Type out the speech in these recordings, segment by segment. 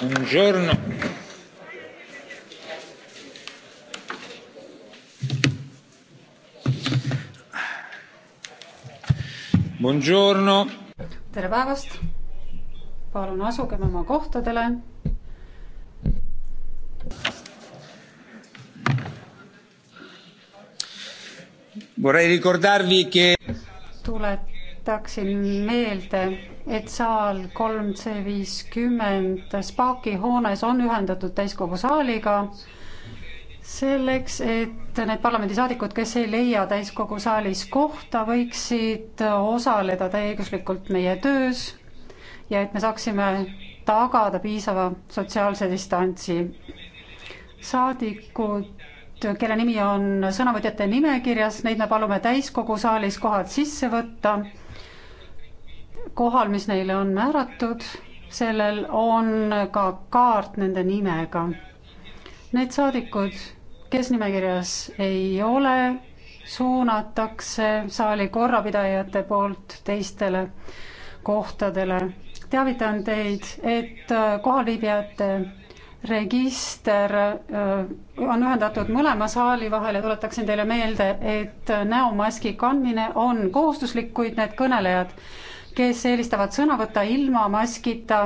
Buongiorno. Buongiorno. tere päevast. palun asugem oma kohtadele. Vorrei ricordarvi che tuletaksin meelde et saal kolm C viiskümmend Spaki hoones on ühendatud täiskogu saaliga selleks, et need parlamendisaadikud, kes ei leia täiskogu saalis kohta, võiksid osaleda täieõiguslikult meie töös ja et me saaksime tagada piisava sotsiaalse distantsi. saadikud, kelle nimi on sõnavõtjate nimekirjas, neid me palume täiskogu saalis kohad sisse võtta kohal, mis neile on määratud, sellel on ka kaart nende nimega. Need saadikud, kes nimekirjas ei ole, suunatakse saali korrapidajate poolt teistele kohtadele. teavitan teid, et äh, kohalviibijate register äh, on ühendatud mõlema saali vahel ja tuletaksin teile meelde, et äh, näomaski kandmine on kohustuslik, kuid need kõnelejad, kes eelistavad sõna võtta ilma maskita,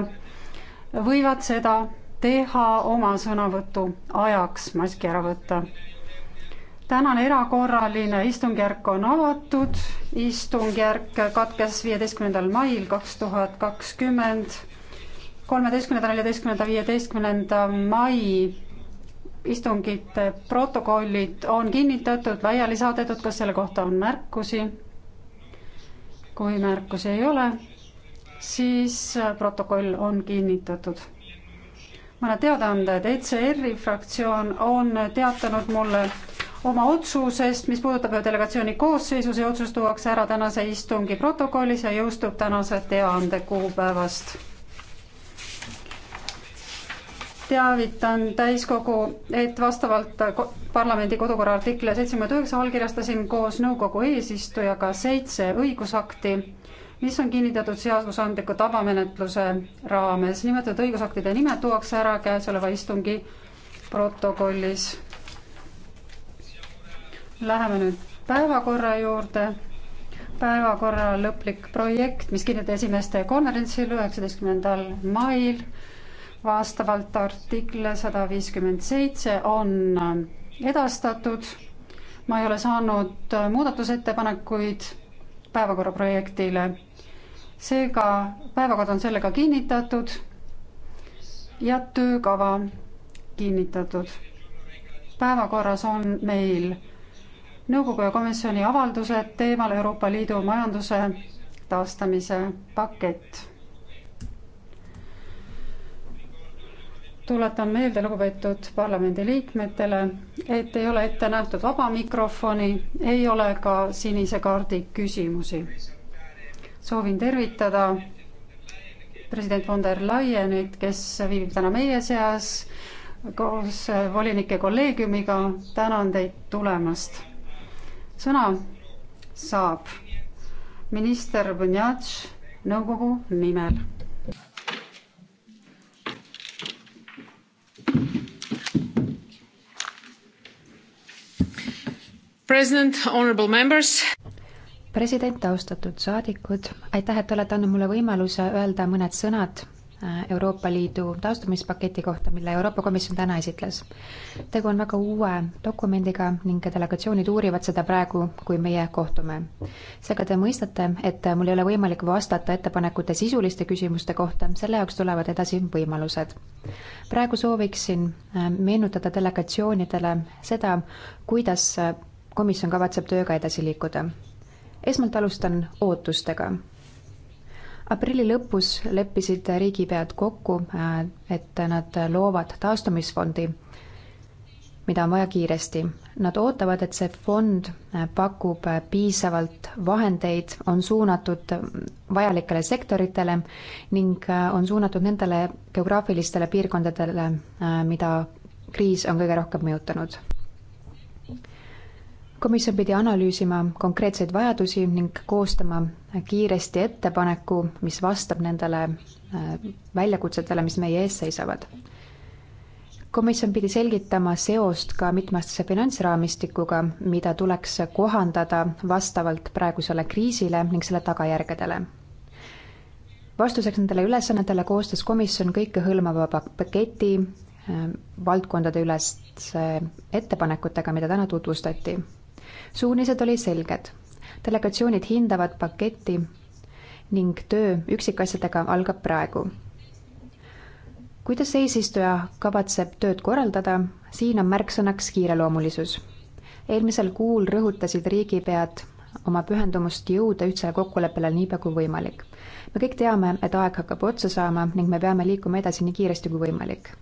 võivad seda teha oma sõnavõtu ajaks maski ära võtta. tänane erakorraline istungjärk on avatud, istungjärk katkes viieteistkümnendal mail kaks tuhat kakskümmend, kolmeteistkümnenda, neljateistkümnenda, viieteistkümnenda mai istungite protokollid on kinnitatud, laiali saadetud, kas selle kohta on märkusi? kui märkusi ei ole, siis äh, protokoll on kinnitatud. mõned teadaanded, ECR-i fraktsioon on teatanud mulle oma otsusest, mis puudutab ühe delegatsiooni koosseisu, see otsus tuuakse ära tänase istungi protokollis ja jõustub tänase teande kuupäevast teavitan täiskogu, et vastavalt parlamendi kodukorra artikli seitsekümmend üheksa allkirjastasin koos nõukogu eesistujaga seitse õigusakti, mis on kinnitatud seadusandliku tavamenetluse raames. nimetatud õigusaktide nimed tuuakse ära käesoleva istungi protokollis. Läheme nüüd päevakorra juurde. päevakorra lõplik projekt, mis kinnitati esimeste konverentsil üheksateistkümnendal mail vastavalt artikle sada viiskümmend seitse on äh, edastatud. ma ei ole saanud äh, muudatusettepanekuid päevakorra projektile. seega päevakord on sellega kinnitatud ja töökava kinnitatud. päevakorras on meil nõukogu ja komisjoni avaldused teemal Euroopa Liidu majanduse taastamise pakett tuletan meelde lugupeetud parlamendiliikmetele, et ei ole ette nähtud vaba mikrofoni, ei ole ka sinise kaardi küsimusi. soovin tervitada president von der Leyenit, kes viibib täna meie seas koos volinike kolleegiumiga. tänan teid tulemast. sõna saab minister Bunjatš nõukogu nimel president, honorable members. president, austatud saadikud, aitäh, et olete andnud mulle võimaluse öelda mõned sõnad äh, Euroopa Liidu taastumispaketi kohta, mille Euroopa Komisjon täna esitles. tegu on väga uue dokumendiga ning delegatsioonid uurivad seda praegu, kui meie kohtume. seega te mõistate, et mul ei ole võimalik vastata ettepanekute sisuliste küsimuste kohta, selle jaoks tulevad edasi võimalused. praegu sooviksin äh, meenutada delegatsioonidele seda, kuidas äh, komisjon kavatseb tööga edasi liikuda. esmalt alustan ootustega. aprilli lõpus leppisid riigipead kokku, äh, et nad loovad taastumisfondi, mida on vaja kiiresti. Nad ootavad, et see fond äh, pakub äh, piisavalt vahendeid, on suunatud vajalikele sektoritele ning on suunatud nendele geograafilistele piirkondadele, mida kriis on kõige rohkem mõjutanud komisjon pidi analüüsima konkreetseid vajadusi ning koostama kiiresti ettepaneku, mis vastab nendele äh, väljakutsetele, mis meie ees seisavad. komisjon pidi selgitama seost ka mitmeaastase finantsraamistikuga, mida tuleks kohandada vastavalt praegusele kriisile ning selle tagajärgedele. vastuseks nendele ülesannetele koostas komisjon kõikehõlmava paketi äh, valdkondade üleste ettepanekutega, mida täna tutvustati suunised olid selged. delegatsioonid hindavad paketti ning töö üksikasjadega algab praegu. kuidas eesistuja kavatseb tööd korraldada, siin on märksõnaks kiireloomulisus. eelmisel kuul rõhutasid riigipead oma pühendumust jõuda ühtsele kokkuleppele niipea kui võimalik. me kõik teame, et aeg hakkab otsa saama ning me peame liikuma edasi nii kiiresti kui võimalik.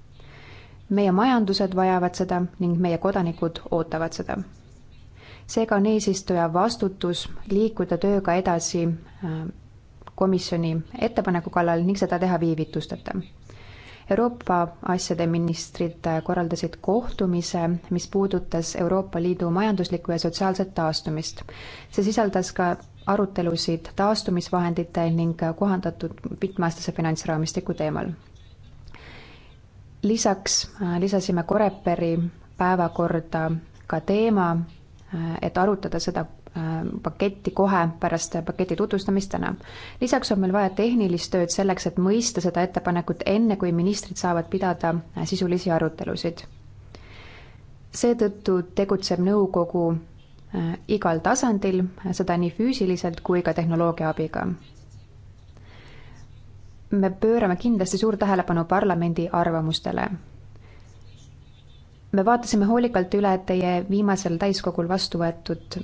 meie majandused vajavad seda ning meie kodanikud ootavad seda seega on eesistuja vastutus liikuda tööga edasi äh, komisjoni ettepaneku kallal ning seda teha viivitusteta. Euroopa asjade ministrid korraldasid kohtumise, mis puudutas Euroopa Liidu majanduslikku ja sotsiaalset taastumist. see sisaldas ka arutelusid taastumisvahendite ning kohandatud mitmeaastase finantsraamistiku teemal. lisaks äh, lisasime Coreperi päevakorda ka teema, Äh, et arutada seda äh, paketti kohe pärast paketi tutvustamist täna. lisaks on meil vaja tehnilist tööd selleks, et mõista seda ettepanekut enne, kui ministrid saavad pidada äh, sisulisi arutelusid. seetõttu tegutseb nõukogu igal tasandil, seda nii füüsiliselt kui ka tehnoloogia abiga. me pöörame kindlasti suurt tähelepanu parlamendi arvamustele me vaatasime hoolikalt üle teie viimasel täiskogul vastu võetud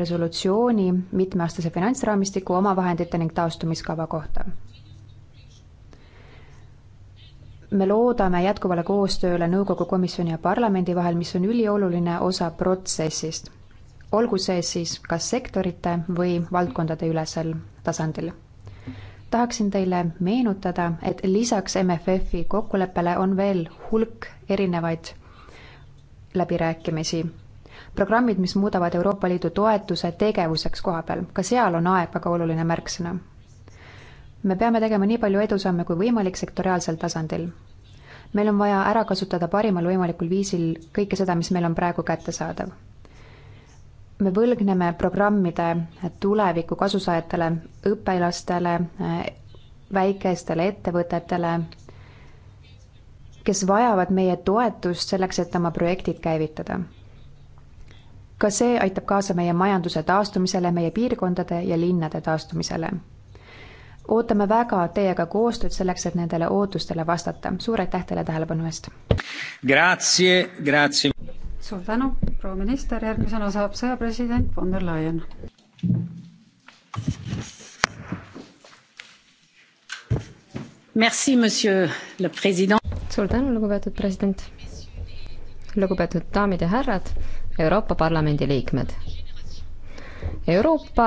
resolutsiooni mitmeaastase finantsraamistiku omavahendite ning taastumiskava kohta. me loodame jätkuvale koostööle nõukogu komisjoni ja parlamendi vahel, mis on ülioluline osa protsessist, olgu see siis kas sektorite või valdkondade ülesel tasandil tahaksin teile meenutada, et lisaks MFF-i kokkuleppele on veel hulk erinevaid läbirääkimisi. programmid, mis muudavad Euroopa Liidu toetuse tegevuseks kohapeal, ka seal on aeg väga oluline märksõna. me peame tegema nii palju edusamme kui võimalik sektoriaalsel tasandil. meil on vaja ära kasutada parimal võimalikul viisil kõike seda, mis meil on praegu kättesaadav. me võlgneme programmide tuleviku kasusaajatele, õpilastele, väikestele ettevõtetele, kes vajavad meie toetust selleks, et oma projektid käivitada. ka see aitab kaasa meie majanduse taastumisele, meie piirkondade ja linnade taastumisele. ootame väga teiega koostööd selleks, et nendele ootustele vastata. suur aitäh teile tähelepanu eest! Grazie, grazie! suur tänu, proua minister, järgmisena saab sõjapresident von der Leyen. suur tänu, lugupeetud president. lugupeetud daamid ja härrad, Euroopa Parlamendi liikmed. Euroopa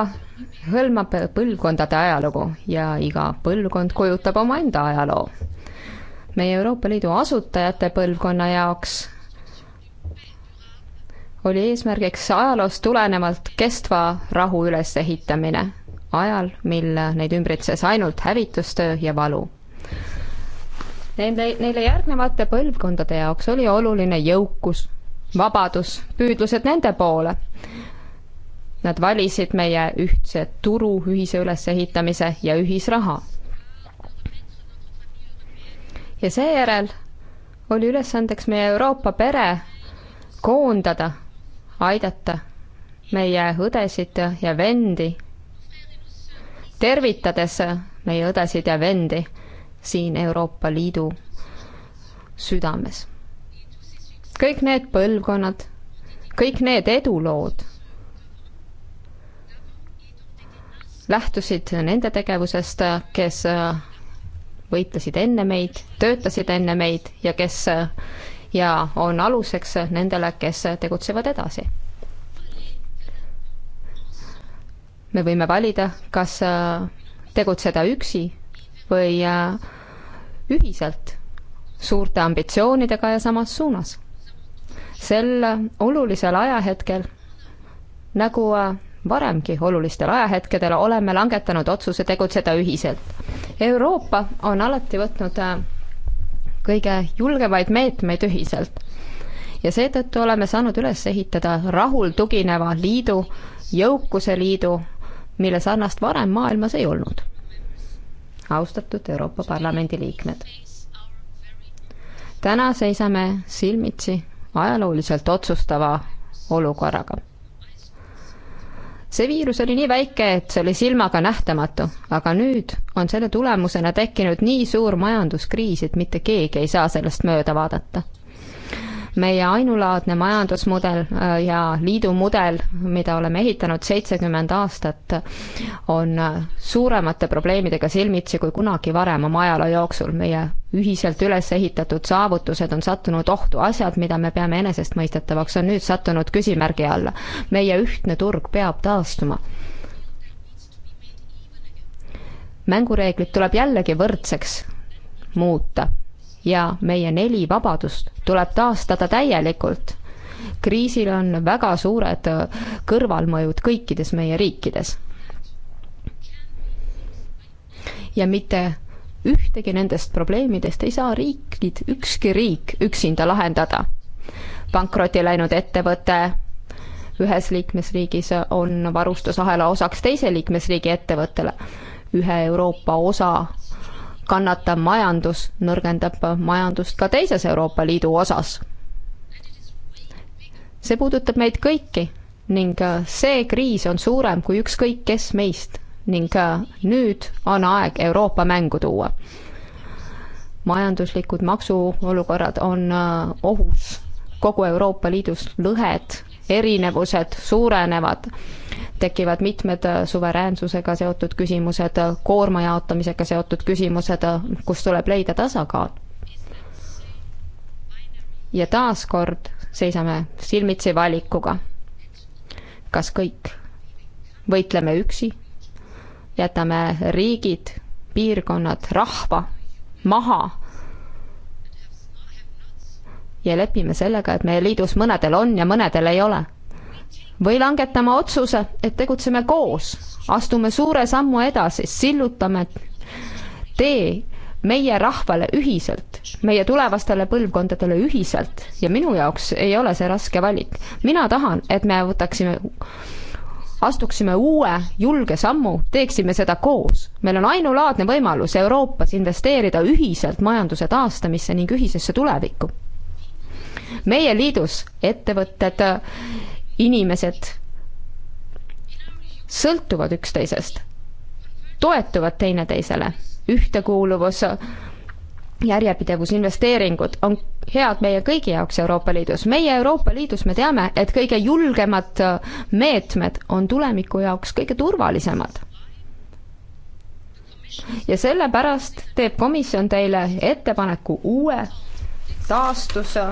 hõlmab põlvkondade ajalugu ja iga põlvkond kujutab omaenda ajaloo. meie Euroopa Liidu asutajate põlvkonna jaoks oli eesmärgiks ajaloost tulenevalt kestva rahu ülesehitamine ajal, mil neid ümbritses ainult hävitustöö ja valu Neile, neile järgnevate põlvkondade jaoks oli oluline jõukus, vabadus, püüdlused nende poole. Nad valisid meie ühtse turu, ühise ülesehitamise ja ühisraha. ja seejärel oli ülesandeks meie Euroopa pere koondada, aidata meie õdesid ja vendi, tervitades meie õdesid ja vendi siin Euroopa Liidu südames. kõik need põlvkonnad, kõik need edulood lähtusid nende tegevusest, kes võitlesid enne meid, töötasid enne meid ja kes ja on aluseks nendele, kes tegutsevad edasi. me võime valida, kas tegutseda üksi või ühiselt suurte ambitsioonidega ja samas suunas. sel olulisel ajahetkel, nagu äh, varemgi olulistel ajahetkedel, oleme langetanud otsuse tegutseda ühiselt. Euroopa on alati võtnud äh, kõige julgemaid meetmeid ühiselt ja seetõttu oleme saanud üles ehitada rahul tugineva liidu, jõukuse liidu, mille sarnast varem maailmas ei olnud austatud Euroopa Parlamendi liikmed. täna seisame silmitsi ajalooliselt otsustava olukorraga. see viirus oli nii väike, et see oli silmaga nähtamatu, aga nüüd on selle tulemusena tekkinud nii suur majanduskriis, et mitte keegi ei saa sellest mööda vaadata meie ainulaadne majandusmudel äh, ja liidu mudel, mida oleme ehitanud seitsekümmend aastat, on äh, suuremate probleemidega silmitsi kui kunagi varem oma ajaloo jooksul. meie ühiselt üles ehitatud saavutused on sattunud ohtu, asjad, mida me peame enesestmõistetavaks, on nüüd sattunud küsimärgi alla. meie ühtne turg peab taastuma mängureeglid tuleb jällegi võrdseks muuta ja meie neli vabadust tuleb taastada täielikult. kriisil on väga suured äh, kõrvalmõjud kõikides meie riikides. ja mitte ühtegi nendest probleemidest ei saa riikid, ükski riik üksinda lahendada. pankrotti läinud ettevõte ühes liikmesriigis on varustusahela osaks teise liikmesriigi ettevõttele. ühe Euroopa osa kannatav majandus nõrgendab majandust ka teises Euroopa Liidu osas. see puudutab meid kõiki ning äh, see kriis on suurem kui ükskõik kes meist ning äh, nüüd on aeg Euroopa mängu tuua. majanduslikud maksuolukorrad on äh, ohus kogu Euroopa Liidus, lõhed erinevused suurenevad. tekivad mitmed äh, suveräänsusega seotud küsimused, äh, koorma jaotamisega seotud küsimused, äh, kus tuleb leida tasakaal. ja taaskord seisame silmitsi valikuga. kas kõik võitleme üksi, jätame riigid, piirkonnad, rahva maha ja lepime sellega, et meie liidus mõnedel on ja mõnedel ei ole. või langetame otsuse, et tegutseme koos, astume suure sammu edasi, sillutame tee meie rahvale ühiselt, meie tulevastele põlvkondadele ühiselt ja minu jaoks ei ole see raske valik. mina tahan, et me võtaksime astuksime uue julge sammu, teeksime seda koos. meil on ainulaadne võimalus Euroopas investeerida ühiselt majanduse taastamisse ning ühisesse tulevikku meie liidus ettevõtted, inimesed sõltuvad üksteisest, toetuvad teineteisele, ühtekuuluvus, järjepidevus, investeeringud on head meie kõigi jaoks Euroopa Liidus. meie Euroopa Liidus me teame, et kõige julgemad meetmed on tulemiku jaoks kõige turvalisemad. ja sellepärast teeb komisjon teile ettepaneku uue taastuse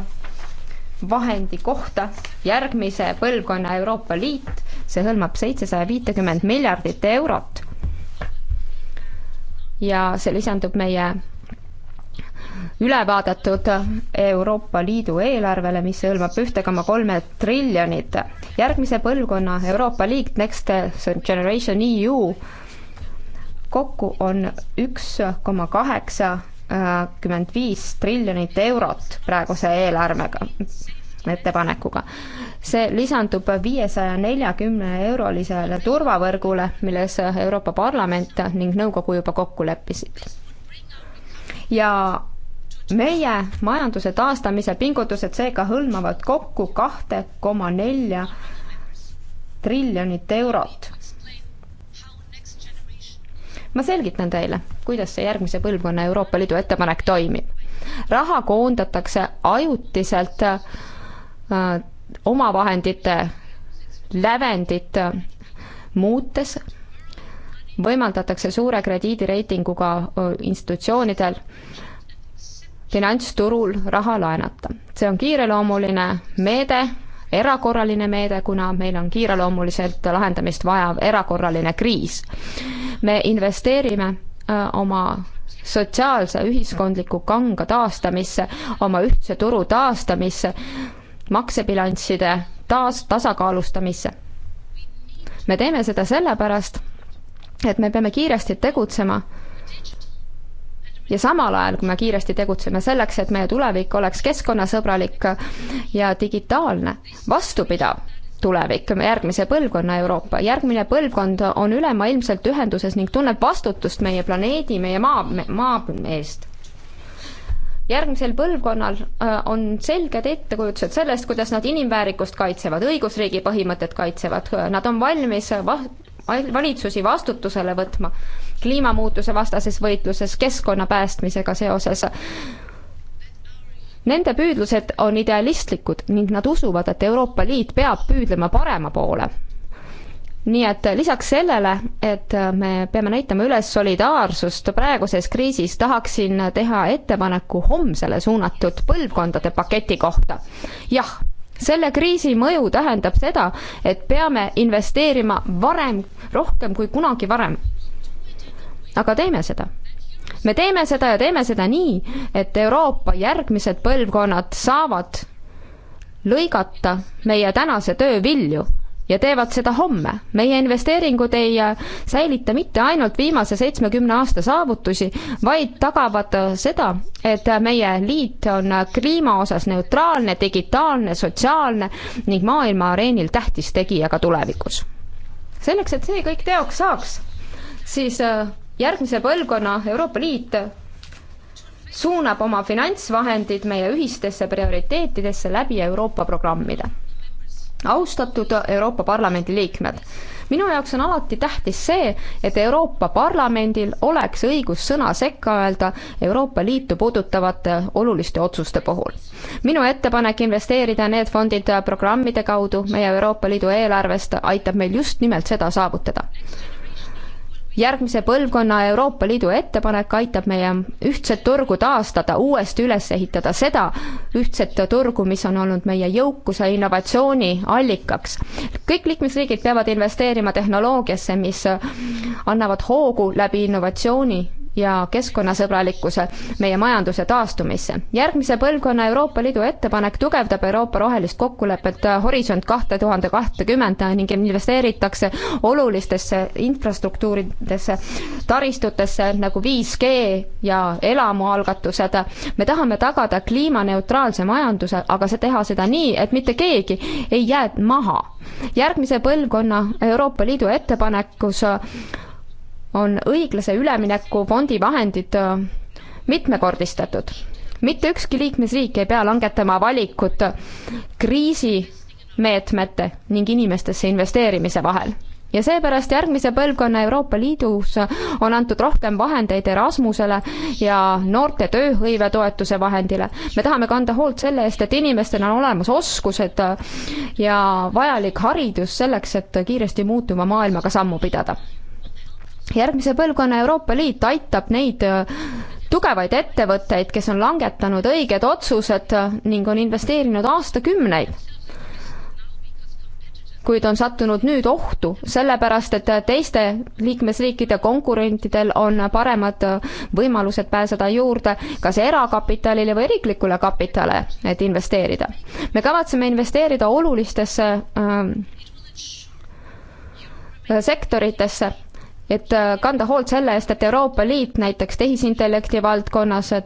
vahendi kohta järgmise põlvkonna Euroopa Liit, see hõlmab seitsesaja viitekümmet miljardit eurot. ja see lisandub meie ülevaadatud Euroopa Liidu eelarvele, mis hõlmab ühte koma kolme triljonit. järgmise põlvkonna Euroopa Liit, Next Generation EU, kokku on üks koma kaheksa kakskümmend viis triljonit eurot praeguse eelarvega, ettepanekuga. see lisandub viiesaja neljakümne eurolisele turvavõrgule, milles Euroopa Parlament ning nõukogu juba kokku leppisid. ja meie majanduse taastamise pingutused seega hõlmavad kokku kahte koma nelja triljonit eurot ma selgitan teile, kuidas see järgmise põlvkonna Euroopa Liidu ettepanek toimib. raha koondatakse ajutiselt äh, omavahendite lävendit äh, muutes, võimaldatakse suure krediidireitinguga äh, institutsioonidel finantsturul raha laenata. see on kiireloomuline meede erakorraline meede, kuna meil on kiireloomuliselt lahendamist vajav erakorraline kriis. me investeerime äh, oma sotsiaalse ühiskondliku kanga taastamisse, oma ühtse turu taastamisse, maksebilansside taas, tasakaalustamisse. me teeme seda sellepärast, et me peame kiiresti tegutsema ja samal ajal, kui me kiiresti tegutseme selleks, et meie tulevik oleks keskkonnasõbralik ja digitaalne, vastupidav tulevik, järgmise põlvkonna Euroopa. järgmine põlvkond on ülemaailmselt ühenduses ning tunneb vastutust meie planeedi, meie maa, maa eest järgmisel põlvkonnal äh, on selged ettekujutused sellest, kuidas nad inimväärikust kaitsevad, õigusriigi põhimõtet kaitsevad, nad on valmis va-, valitsusi vastutusele võtma kliimamuutuse vastases võitluses, keskkonna päästmisega seoses. Nende püüdlused on idealistlikud ning nad usuvad, et Euroopa Liit peab püüdlema parema poole nii et lisaks sellele, et me peame näitama üles solidaarsust praeguses kriisis, tahaksin teha ettepaneku homsele suunatud põlvkondade paketi kohta. jah, selle kriisi mõju tähendab seda, et peame investeerima varem, rohkem kui kunagi varem aga teeme seda me teeme seda ja teeme seda nii, et Euroopa järgmised põlvkonnad saavad lõigata meie tänase töö vilju ja teevad seda homme. meie investeeringud ei säilita mitte ainult viimase seitsmekümne aasta saavutusi, vaid tagavad seda, et meie liit on kliima osas neutraalne, digitaalne, sotsiaalne ning maailma areenil tähtis tegija ka tulevikus. selleks, et see kõik teoks saaks, siis äh, järgmise põlvkonna Euroopa Liit suunab oma finantsvahendid meie ühistesse prioriteetidesse läbi Euroopa programmide. austatud Euroopa Parlamendi liikmed, minu jaoks on alati tähtis see, et Euroopa Parlamendil oleks õigus sõna sekka öelda Euroopa Liitu puudutavate oluliste otsuste puhul. minu ettepanek investeerida need fondid programmide kaudu meie Euroopa Liidu eelarvest aitab meil just nimelt seda saavutada järgmise põlvkonna Euroopa Liidu ettepanek aitab meie ühtset turgu taastada, uuesti üles ehitada seda ühtset turgu, mis on olnud meie jõukuse innovatsiooni allikaks. kõik liikmesriigid peavad investeerima tehnoloogiasse, mis annavad hoogu läbi innovatsiooni ja keskkonnasõbralikkuse meie majanduse taastumisse. järgmise põlvkonna Euroopa Liidu ettepanek tugevdab Euroopa rohelist kokkulepet äh, Horisont kahte tuhande kahtekümmend äh, ning investeeritakse olulistesse infrastruktuuridesse, taristutesse nagu 5G ja elamualgatused. me tahame tagada kliimaneutraalse majanduse, aga see teha seda nii, et mitte keegi ei jää maha. järgmise põlvkonna Euroopa Liidu ettepanekus äh, on õiglase ülemineku fondi vahendid äh, mitmekordistatud. mitte ükski liikmesriik ei pea langetama valikut kriisimeetmete ning inimestesse investeerimise vahel ja seepärast järgmise põlvkonna Euroopa Liidus on antud rohkem vahendeid Erasmusele ja noorte tööhõive toetuse vahendile. me tahame kanda hoolt selle eest, et inimestel on olemas oskused ja vajalik haridus selleks, et kiiresti muutuva maailmaga sammu pidada järgmise põlvkonna Euroopa Liit aitab neid äh, tugevaid ettevõtteid, kes on langetanud õiged otsused äh, ning on investeerinud aastakümneid, kuid on sattunud nüüd ohtu, sellepärast et äh, teiste liikmesriikide konkurentidel on paremad võimalused pääseda juurde kas erakapitalile või riiklikule kapitale, et investeerida. me kavatseme investeerida olulistesse äh, sektoritesse et äh, kanda hoolt selle eest, et Euroopa Liit näiteks tehisintellekti valdkonnas äh,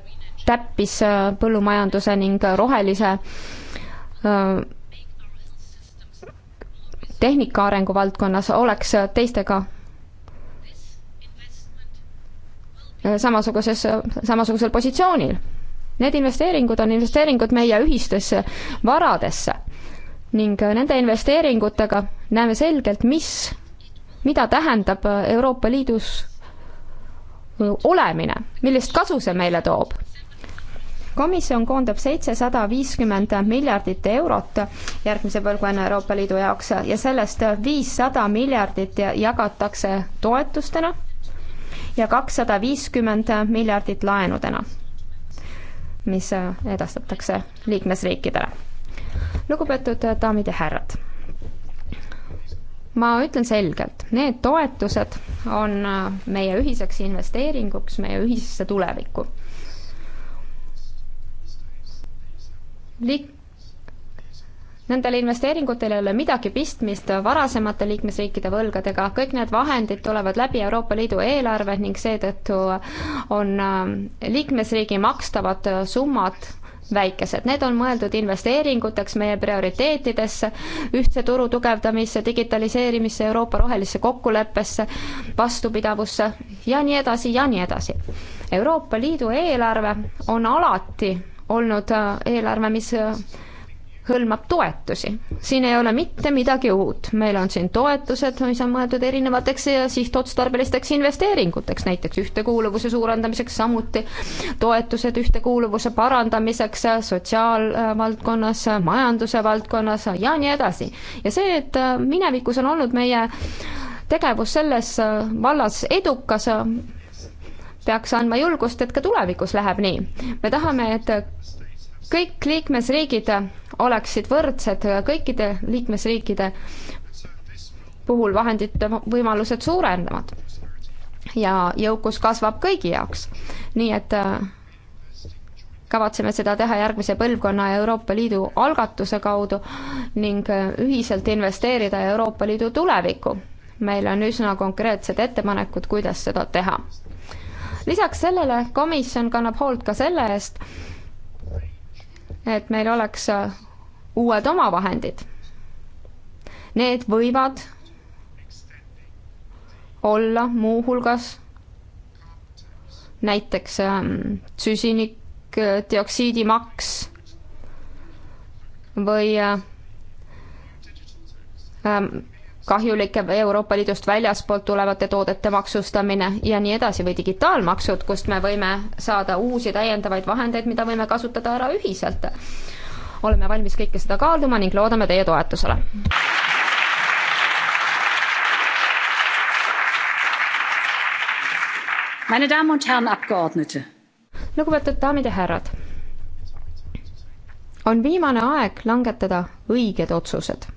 täppis äh, põllumajanduse ning rohelise tehnika arengu valdkonnas oleks teistega samasuguses, samasugusel positsioonil. Need investeeringud on investeeringud meie ühistesse varadesse ning nende investeeringutega näeme selgelt, mis mida tähendab äh, Euroopa Liidus äh, olemine, millist kasu see meile toob. komisjon koondab seitsesada viiskümmend miljardit eurot järgmise põlvkonna Euroopa Liidu jaoks ja sellest viissada miljardit jagatakse toetustena ja kakssada viiskümmend miljardit laenudena, mis äh, edastatakse liikmesriikidele. lugupeetud daamid ja härrad ma ütlen selgelt, need toetused on äh, meie ühiseks investeeringuks meie ühisesse tulevikku. Liik-, nendel investeeringutel ei ole midagi pistmist varasemate liikmesriikide võlgadega, kõik need vahendid tulevad läbi Euroopa Liidu eelarve ning seetõttu on äh, liikmesriigi makstavad summad väikesed. Need on mõeldud investeeringuteks meie prioriteetidesse, ühtse turu tugevdamisse, digitaliseerimisse, Euroopa rohelisse kokkuleppesse, vastupidavusse ja nii edasi ja nii edasi. Euroopa Liidu eelarve on alati olnud äh, eelarve, mis hõlmab toetusi. siin ei ole mitte midagi uut, meil on siin toetused, mis on mõeldud erinevateks sihtotstarbelisteks investeeringuteks, näiteks ühtekuuluvuse suurendamiseks, samuti toetused ühtekuuluvuse parandamiseks sotsiaalvaldkonnas, majanduse valdkonnas ja nii edasi. ja see, et minevikus on olnud meie tegevus selles vallas edukas, peaks andma julgust, et ka tulevikus läheb nii. me tahame, et kõik liikmesriigid oleksid võrdsed, kõikide liikmesriikide puhul vahendite võimalused suurenevad ja jõukus kasvab kõigi jaoks. nii et äh, kavatseme seda teha järgmise põlvkonna Euroopa Liidu algatuse kaudu ning äh, ühiselt investeerida Euroopa Liidu tulevikku. meil on üsna konkreetsed ettepanekud, kuidas seda teha. lisaks sellele komisjon kannab hoolt ka selle eest, et meil oleks äh, uued omavahendid. Need võivad olla muuhulgas näiteks ähm, süsinikdioksiidi maks või äh, ähm, kahjulike Euroopa Liidust väljaspoolt tulevate toodete maksustamine ja nii edasi, või digitaalmaksud, kust me võime saada uusi täiendavaid vahendeid, mida võime kasutada ära ühiselt. oleme valmis kõike seda kaaluma ning loodame teie toetusele. Meine Damen und Herren Abgeordnete. lugupeetud daamid ja härrad. on viimane aeg langetada õiged otsused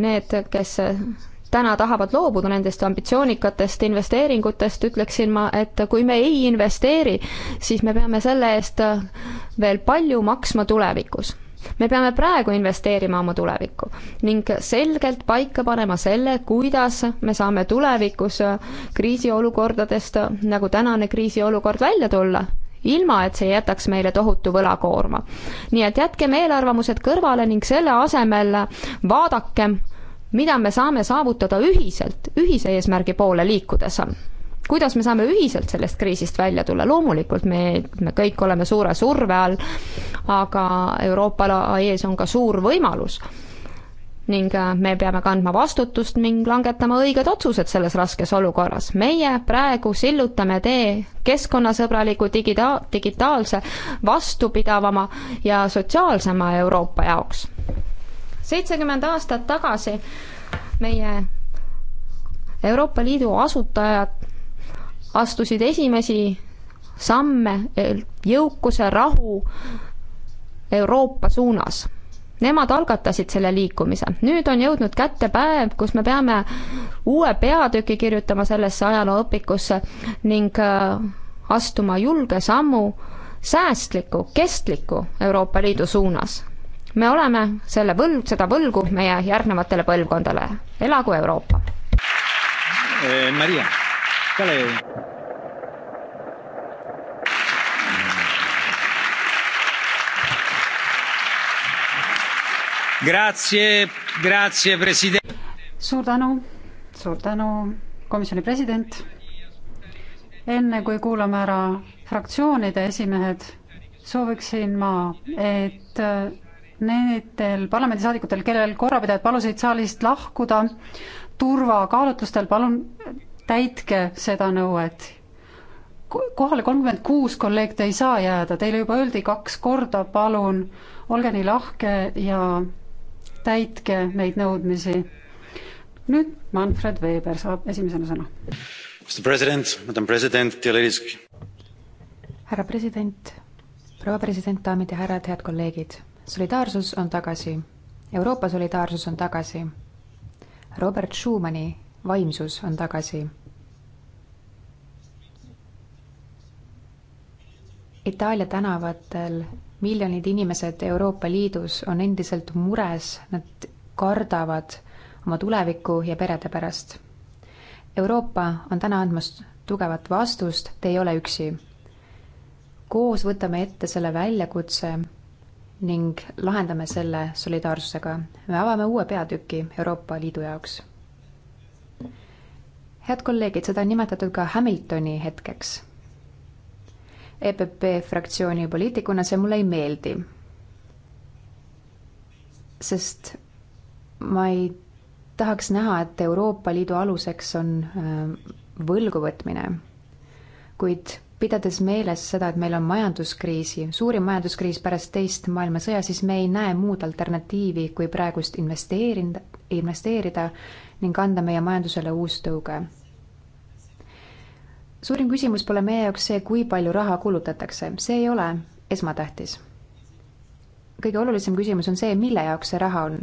need, kes täna tahavad loobuda nendest ambitsioonikatest investeeringutest, ütleksin ma, et kui me ei investeeri, siis me peame selle eest veel palju maksma tulevikus me peame praegu investeerima oma tulevikku ning selgelt paika panema selle, kuidas me saame tulevikus kriisiolukordadest, nagu tänane kriisiolukord, välja tulla ilma et see jätaks meile tohutu võlakoorma. nii et jätkem eelarvamused kõrvale ning selle asemel vaadakem, mida me saame saavutada ühiselt, ühise eesmärgi poole liikudes kuidas me saame ühiselt sellest kriisist välja tulla, loomulikult me, me kõik oleme suure surve all, aga Euroopal ees on ka suur võimalus ning äh, me peame kandma vastutust ning langetama õiged otsused selles raskes olukorras. meie praegu sillutame tee keskkonnasõbraliku digita-, digitaalse, vastupidavama ja sotsiaalsema Euroopa jaoks. seitsekümmend aastat tagasi meie Euroopa Liidu asutajad astusid esimesi samme eh, jõukuse, rahu Euroopa suunas Nemad algatasid selle liikumise. nüüd on jõudnud kätte päev, kus me peame uue peatüki kirjutama sellesse ajalooõpikusse ning äh, astuma julge sammu säästliku, kestliku Euroopa Liidu suunas. me oleme selle võlg, seda võlgu meie järgnevatele põlvkondadele. elagu Euroopa! Eh, Maria, tale suur tänu, suur tänu, komisjoni president. enne kui kuulame ära fraktsioonide esimehed, sooviksin ma, et nendel parlamendisaadikutel, kellel korrapidajad palusid saalist lahkuda, turvakaalutlustel palun täitke seda nõuet. kohale kolmkümmend kuus kolleeg te ei saa jääda, teile juba öeldi kaks korda, palun olge nii lahke ja täitke neid nõudmisi. nüüd Manfred Weber saab esimesena sõna. härra president, proua president, daamid ja härrad, head kolleegid. solidaarsus on tagasi. Euroopa solidaarsus on tagasi. Robert Schumani vaimsus on tagasi Itaalia tänavatel miljonid inimesed Euroopa Liidus on endiselt mures, nad kardavad oma tuleviku ja perede pärast. Euroopa on täna andmas tugevat vastust, te ei ole üksi. koos võtame ette selle väljakutse ning lahendame selle solidaarsusega. me avame uue peatüki Euroopa Liidu jaoks. head kolleegid, seda on nimetatud ka Hamiltoni hetkeks EPP fraktsiooni poliitikuna see mulle ei meeldi. sest ma ei tahaks näha, et Euroopa Liidu aluseks on äh, võlguvõtmine. kuid pidades meeles seda, et meil on majanduskriisi, suurim majanduskriis pärast teist maailmasõja, siis me ei näe muud alternatiivi, kui praegust investeerind-, investeerida ning anda meie majandusele uus tõuge suurim küsimus pole meie jaoks see, kui palju raha kulutatakse, see ei ole esmatähtis. kõige olulisem küsimus on see, mille jaoks see raha on.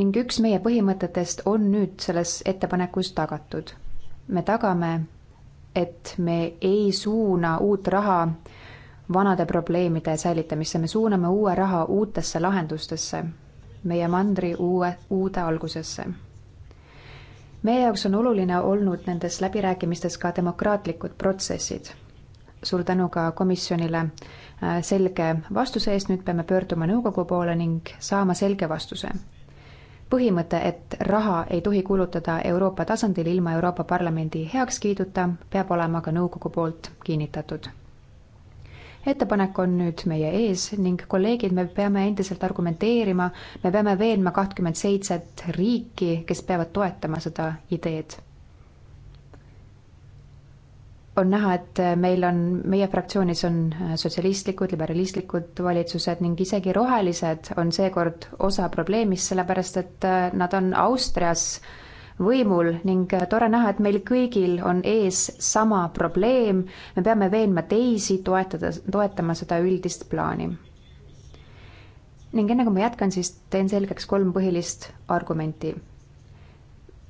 ning üks meie põhimõtetest on nüüd selles ettepanekus tagatud. me tagame, et me ei suuna uut raha vanade probleemide säilitamisse, me suuname uue raha uutesse lahendustesse, meie mandri uue, uude algusesse meie jaoks on oluline olnud nendes läbirääkimistes ka demokraatlikud protsessid. suur tänu ka komisjonile äh, selge vastuse eest, nüüd peame pöörduma nõukogu poole ning saama selge vastuse. põhimõte, et raha ei tohi kulutada Euroopa tasandil ilma Euroopa Parlamendi heakskiiduta, peab olema ka nõukogu poolt kinnitatud ettepanek on nüüd meie ees ning kolleegid, me peame endiselt argumenteerima, me peame veenma kahtkümmet seitset riiki, kes peavad toetama seda ideed. on näha, et meil on, meie fraktsioonis on sotsialistlikud, liberalistlikud valitsused ning isegi rohelised on seekord osa probleemist, sellepärast et nad on Austrias äh, võimul ning tore näha, et meil kõigil on ees sama probleem, me peame veenma teisi toetada, toetama seda üldist plaani. ning enne kui ma jätkan, siis teen selgeks kolm põhilist argumenti.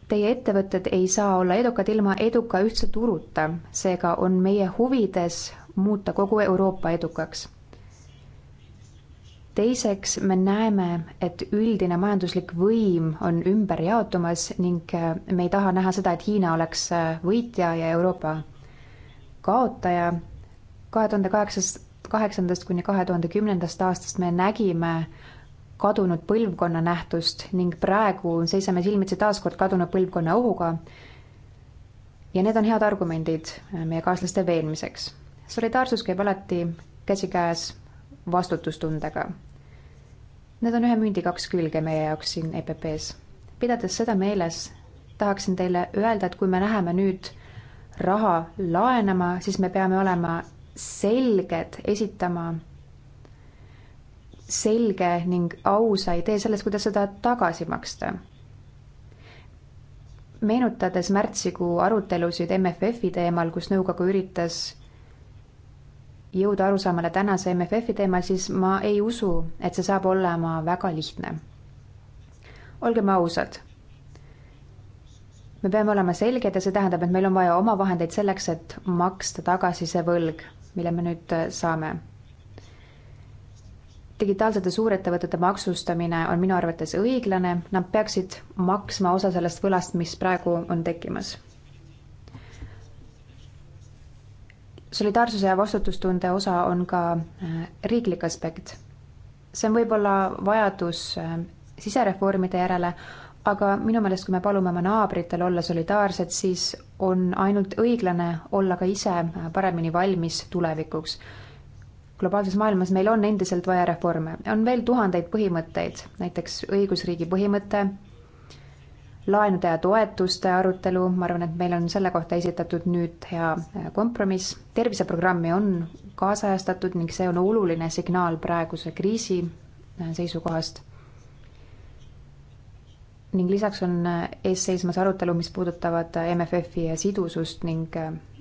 Teie ettevõtted ei saa olla edukad ilma eduka ühtse turuta, seega on meie huvides muuta kogu Euroopa edukaks teiseks me näeme, et üldine majanduslik võim on ümber jaotumas ning äh, me ei taha näha seda, et Hiina oleks äh, võitja ja Euroopa kaotaja. kahe tuhande kaheksast, kaheksandast kuni kahe tuhande kümnendast aastast me nägime kadunud põlvkonna nähtust ning praegu seisame silmitsi taas kord kadunud põlvkonna ohuga. ja need on head argumendid äh, meie kaaslaste veenmiseks. solidaarsus käib alati käsikäes vastutustundega. Need on ühe mündi kaks külge meie jaoks siin EPP-s. pidades seda meeles, tahaksin teile öelda, et kui me läheme nüüd raha laenama, siis me peame olema selged, esitama selge ning ausa idee sellest, kuidas seda tagasi maksta. meenutades märtsikuu arutelusid MFF-i teemal, kus nõukogu üritas jõuda arusaamale tänase MFF-i teemal, siis ma ei usu, et see saab olema väga lihtne. olgem ausad, me peame olema selged ja see tähendab, et meil on vaja omavahendeid selleks, et maksta tagasi see võlg, mille me nüüd äh, saame. digitaalsete suurettevõtete maksustamine on minu arvates õiglane, nad peaksid maksma osa sellest võlast, mis praegu on tekkimas solidaarsuse ja vastutustunde osa on ka äh, riiklik aspekt. see on võib-olla vajadus äh, sisereformide järele, aga minu meelest, kui me palume oma naabritel olla solidaarsed, siis on ainult õiglane olla ka ise äh, paremini valmis tulevikuks. globaalses maailmas meil on endiselt vaja reforme, on veel tuhandeid põhimõtteid, näiteks õigusriigi põhimõte, laenude ja toetuste arutelu, ma arvan, et meil on selle kohta esitatud nüüd hea kompromiss. terviseprogrammi on kaasajastatud ning see on oluline signaal praeguse kriisi äh, seisukohast. ning lisaks on äh, ees seismas arutelu, mis puudutavad äh, MFF-i sidusust ning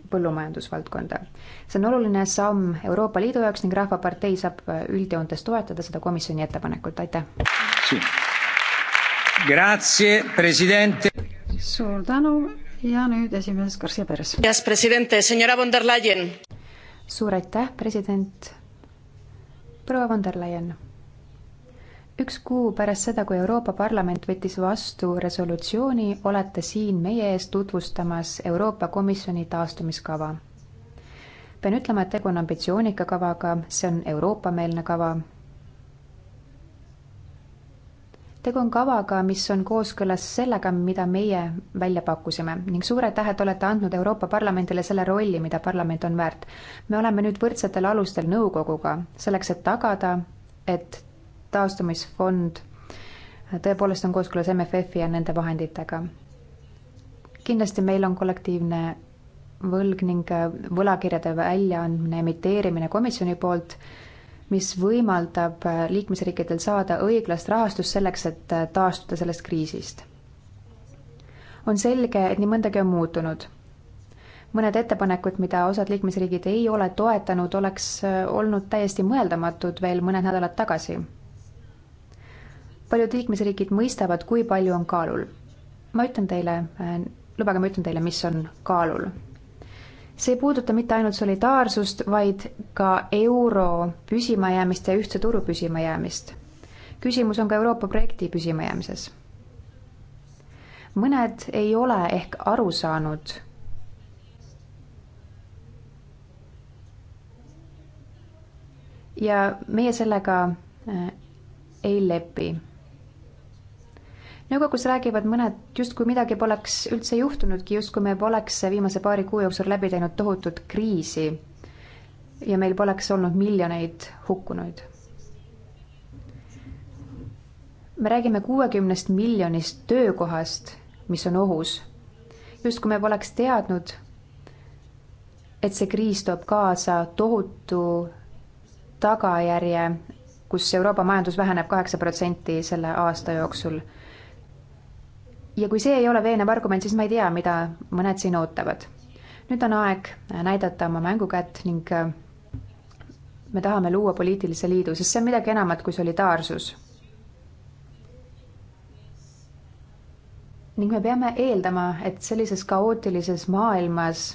põllumajandusvaldkonda. see on oluline samm Euroopa Liidu jaoks ning Rahvapartei saab üldjoontes toetada seda komisjoni ettepanekut, aitäh! suur tänu ja nüüd esimees Garcia Perez. suur aitäh, president. proua von der Leyen üks kuu pärast seda, kui Euroopa Parlament võttis vastu resolutsiooni, olete siin meie ees tutvustamas Euroopa Komisjoni taastumiskava. pean ütlema, et tegu on ambitsioonika kavaga, see on Euroopa-meelne kava tegu on kavaga, mis on kooskõlas sellega, mida meie välja pakkusime ning suur aitäh, et olete andnud Euroopa Parlamendile selle rolli, mida parlament on väärt. me oleme nüüd võrdsetel alustel nõukoguga selleks, et tagada, et taastumisfond tõepoolest on kooskõlas MFF-i ja nende vahenditega. kindlasti meil on kollektiivne võlg ning võlakirjade väljaandmine, emiteerimine komisjoni poolt mis võimaldab äh, liikmesriikidel saada õiglast rahastust selleks, et äh, taastuda sellest kriisist. on selge, et nii mõndagi on muutunud. mõned ettepanekud, mida osad liikmesriigid ei ole toetanud, oleks äh, olnud täiesti mõeldamatud veel mõned nädalad tagasi. paljud liikmesriigid mõistavad, kui palju on kaalul. ma ütlen teile, lubage, ma ütlen teile, mis on kaalul see ei puuduta mitte ainult solidaarsust, vaid ka euro püsimajäämist ja ühtse turu püsimajäämist. küsimus on ka Euroopa projekti püsimajäämises. mõned ei ole ehk aru saanud, ja meie sellega äh, ei lepi nõukogus räägivad mõned, justkui midagi poleks üldse juhtunudki, justkui me poleks viimase paari kuu jooksul läbi teinud tohutut kriisi ja meil poleks olnud miljoneid hukkunuid. me räägime kuuekümnest miljonist töökohast, mis on ohus, justkui me poleks teadnud, et see kriis toob kaasa tohutu tagajärje kus Euroopa majandus väheneb kaheksa protsenti selle aasta jooksul ja kui see ei ole veenev argument, siis ma ei tea, mida mõned siin ootavad. nüüd on aeg äh, näidata oma mängukätt ning äh, me tahame luua poliitilise liidu, sest see on midagi enamat kui solidaarsus. ning me peame eeldama, et sellises kaootilises maailmas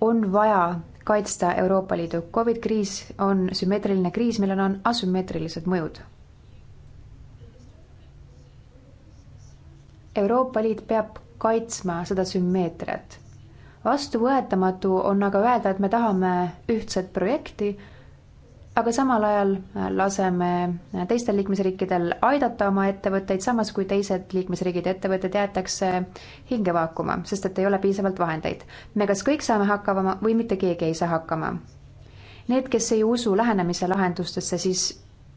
on vaja kaitsta Euroopa Liidu. Covid kriis on sümmeetriline kriis, millel on asümmeetrilised mõjud Euroopa Liit peab kaitsma seda sümmeetriat. vastuvõetamatu on aga öelda, et me tahame ühtset projekti, aga samal ajal laseme teistel liikmesriikidel aidata oma ettevõtteid, samas kui teised liikmesriigid ja ettevõtted jäetakse hinge vaakuma, sest et ei ole piisavalt vahendeid. me kas kõik saame hakkama või mitte keegi ei saa hakkama. Need, kes ei usu lähenemise lahendustesse, siis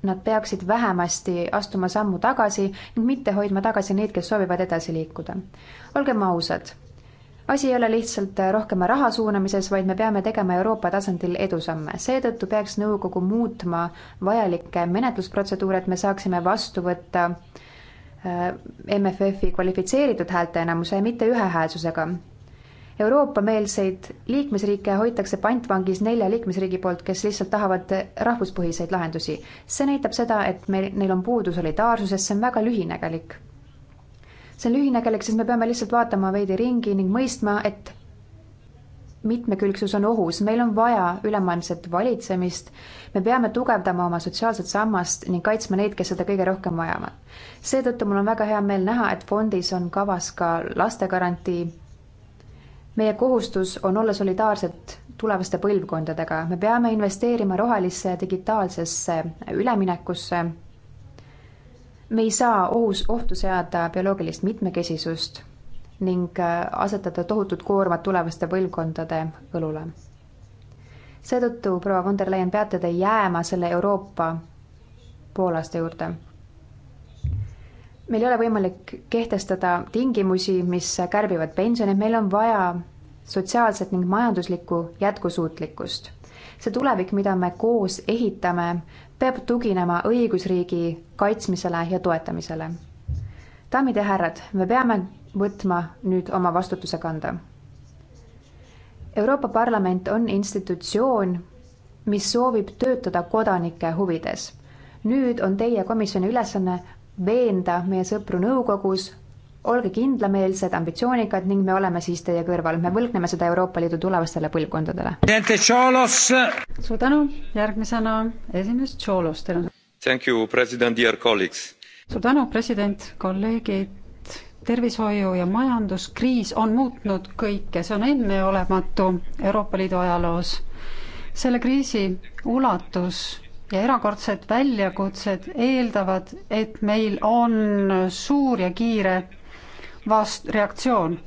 nad peaksid vähemasti astuma sammu tagasi ning mitte hoidma tagasi neid, kes soovivad edasi liikuda. olgem ausad, asi ei ole lihtsalt rohkema raha suunamises, vaid me peame tegema Euroopa tasandil edusamme. seetõttu peaks nõukogu muutma vajalikke menetlusprotseduure, et me saaksime vastu võtta äh, MFF-i kvalifitseeritud häälteenamuse, mitte ühehäälsusega. Euroopa-meelseid liikmesriike hoitakse pantvangis nelja liikmesriigi poolt, kes lihtsalt tahavad rahvuspõhiseid lahendusi. see näitab seda, et meil, neil on puudu solidaarsusest, see on väga lühinägelik. see on lühinägelik, sest me peame lihtsalt vaatama veidi ringi ning mõistma, et mitmekülgsus on ohus, meil on vaja ülemaailmset valitsemist, me peame tugevdama oma sotsiaalset sammast ning kaitsma neid, kes seda kõige rohkem vajavad. seetõttu mul on väga hea meel näha, et fondis on kavas ka lastegarantii meie kohustus on olla solidaarsed tulevaste põlvkondadega, me peame investeerima rohelisse digitaalsesse üleminekusse. me ei saa ohus, ohtu seada bioloogilist mitmekesisust ning äh, asetada tohutut koormat tulevaste põlvkondade õlule. seetõttu, proua von der Leyen, peate te jääma selle Euroopa poolaasta juurde. meil ei ole võimalik kehtestada tingimusi, mis kärbivad pensione, meil on vaja sotsiaalset ning majanduslikku jätkusuutlikkust. see tulevik, mida me koos ehitame, peab tuginema õigusriigi kaitsmisele ja toetamisele. daamid ja härrad, me peame võtma nüüd oma vastutuse kanda. Euroopa Parlament on institutsioon, mis soovib töötada kodanike huvides. nüüd on teie komisjoni ülesanne veenda meie sõpru nõukogus, olge kindlameelsed, ambitsioonikad ning me oleme siis teie kõrval, me võlgneme seda Euroopa Liidu tulevastele põlvkondadele. suur tänu, järgmisena esimees Tšolos, teil on. Thank you, president, dear colleagues. suur tänu, president, kolleegid tervishoiu ja majanduskriis on muutnud kõike, see on enneolematu Euroopa Liidu ajaloos. selle kriisi ulatus ja erakordsed väljakutsed eeldavad, et meil on suur ja kiire vast-, reaktsioon.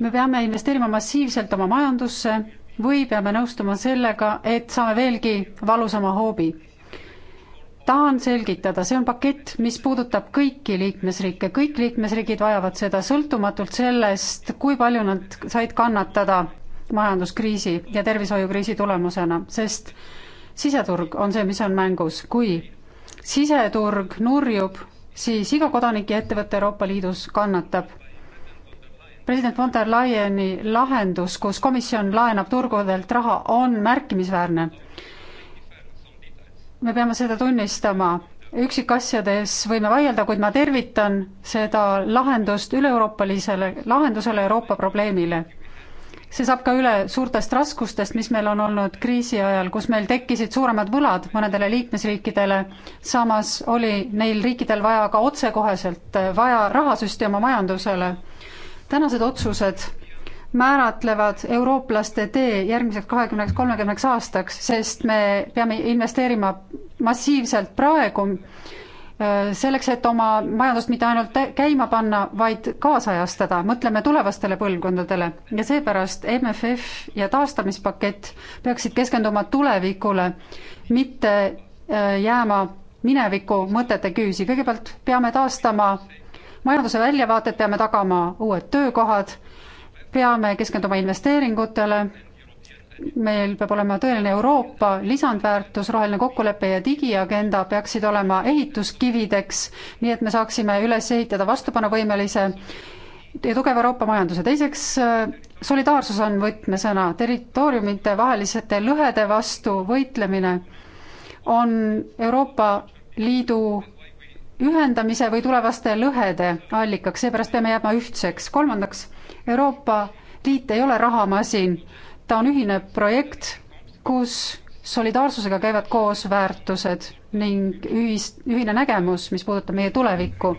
me peame investeerima massiivselt oma majandusse või peame nõustuma sellega, et saame veelgi valusama hoobi. tahan selgitada, see on pakett, mis puudutab kõiki liikmesriike, kõik liikmesriigid vajavad seda, sõltumatult sellest, kui palju nad said kannatada majanduskriisi ja tervishoiukriisi tulemusena, sest siseturg on see, mis on mängus, kui siseturg nurjub, siis iga kodanik ja ettevõte Euroopa Liidus kannatab. president von der Leyeni lahendus, kus komisjon laenab turgudelt raha, on märkimisväärne. me peame seda tunnistama, üksikasjades võime vaielda, kuid ma tervitan seda lahendust üle-euroopalisele, lahendusele Euroopa probleemile see saab ka üle suurtest raskustest, mis meil on olnud kriisi ajal, kus meil tekkisid suuremad võlad mõnedele liikmesriikidele, samas oli neil riikidel vaja ka otsekoheselt eh, vaja rahasüsti oma majandusele. tänased otsused määratlevad eurooplaste tee järgmiseks kahekümneks, kolmekümneks aastaks, sest me peame investeerima massiivselt praegu Äh, selleks, et oma majandust mitte ainult käima panna, vaid kaasajastada, mõtleme tulevastele põlvkondadele ja seepärast MFF ja taastamispakett peaksid keskenduma tulevikule, mitte äh, jääma mineviku mõtete küüsi, kõigepealt peame taastama majanduse väljavaated, peame tagama uued töökohad, peame keskenduma investeeringutele meil peab olema tõeline Euroopa lisandväärtus, roheline kokkulepe ja digiagenda peaksid olema ehituskivideks, nii et me saaksime üles ehitada vastupanuvõimelise ja tugeva Euroopa majanduse. teiseks, solidaarsus on võtmesõna, territooriumite vaheliste lõhede vastu võitlemine on Euroopa Liidu ühendamise või tulevaste lõhede allikaks, seepärast peame jääma ühtseks. kolmandaks, Euroopa Liit ei ole rahamasin ta on ühine projekt, kus solidaarsusega käivad koos väärtused ning ühis, ühine nägemus, mis puudutab meie tulevikku.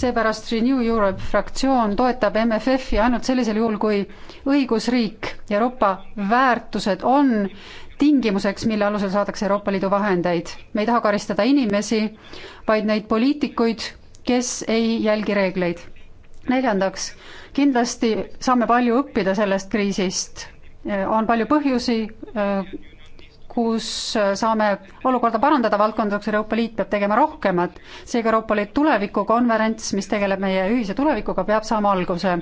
seepärast Renew Europe fraktsioon toetab MFF-i ainult sellisel juhul, kui õigusriik ja Euroopa väärtused on tingimuseks, mille alusel saadakse Euroopa Liidu vahendeid. me ei taha karistada inimesi, vaid neid poliitikuid, kes ei jälgi reegleid. neljandaks, kindlasti saame palju õppida sellest kriisist Äh, on palju põhjusi, äh, kus äh, saame olukorda parandada valdkondades, kus Euroopa Liit peab tegema rohkemat. seega Euroopa Liit tulevikukonverents, mis tegeleb meie ühise tulevikuga, peab saama alguse.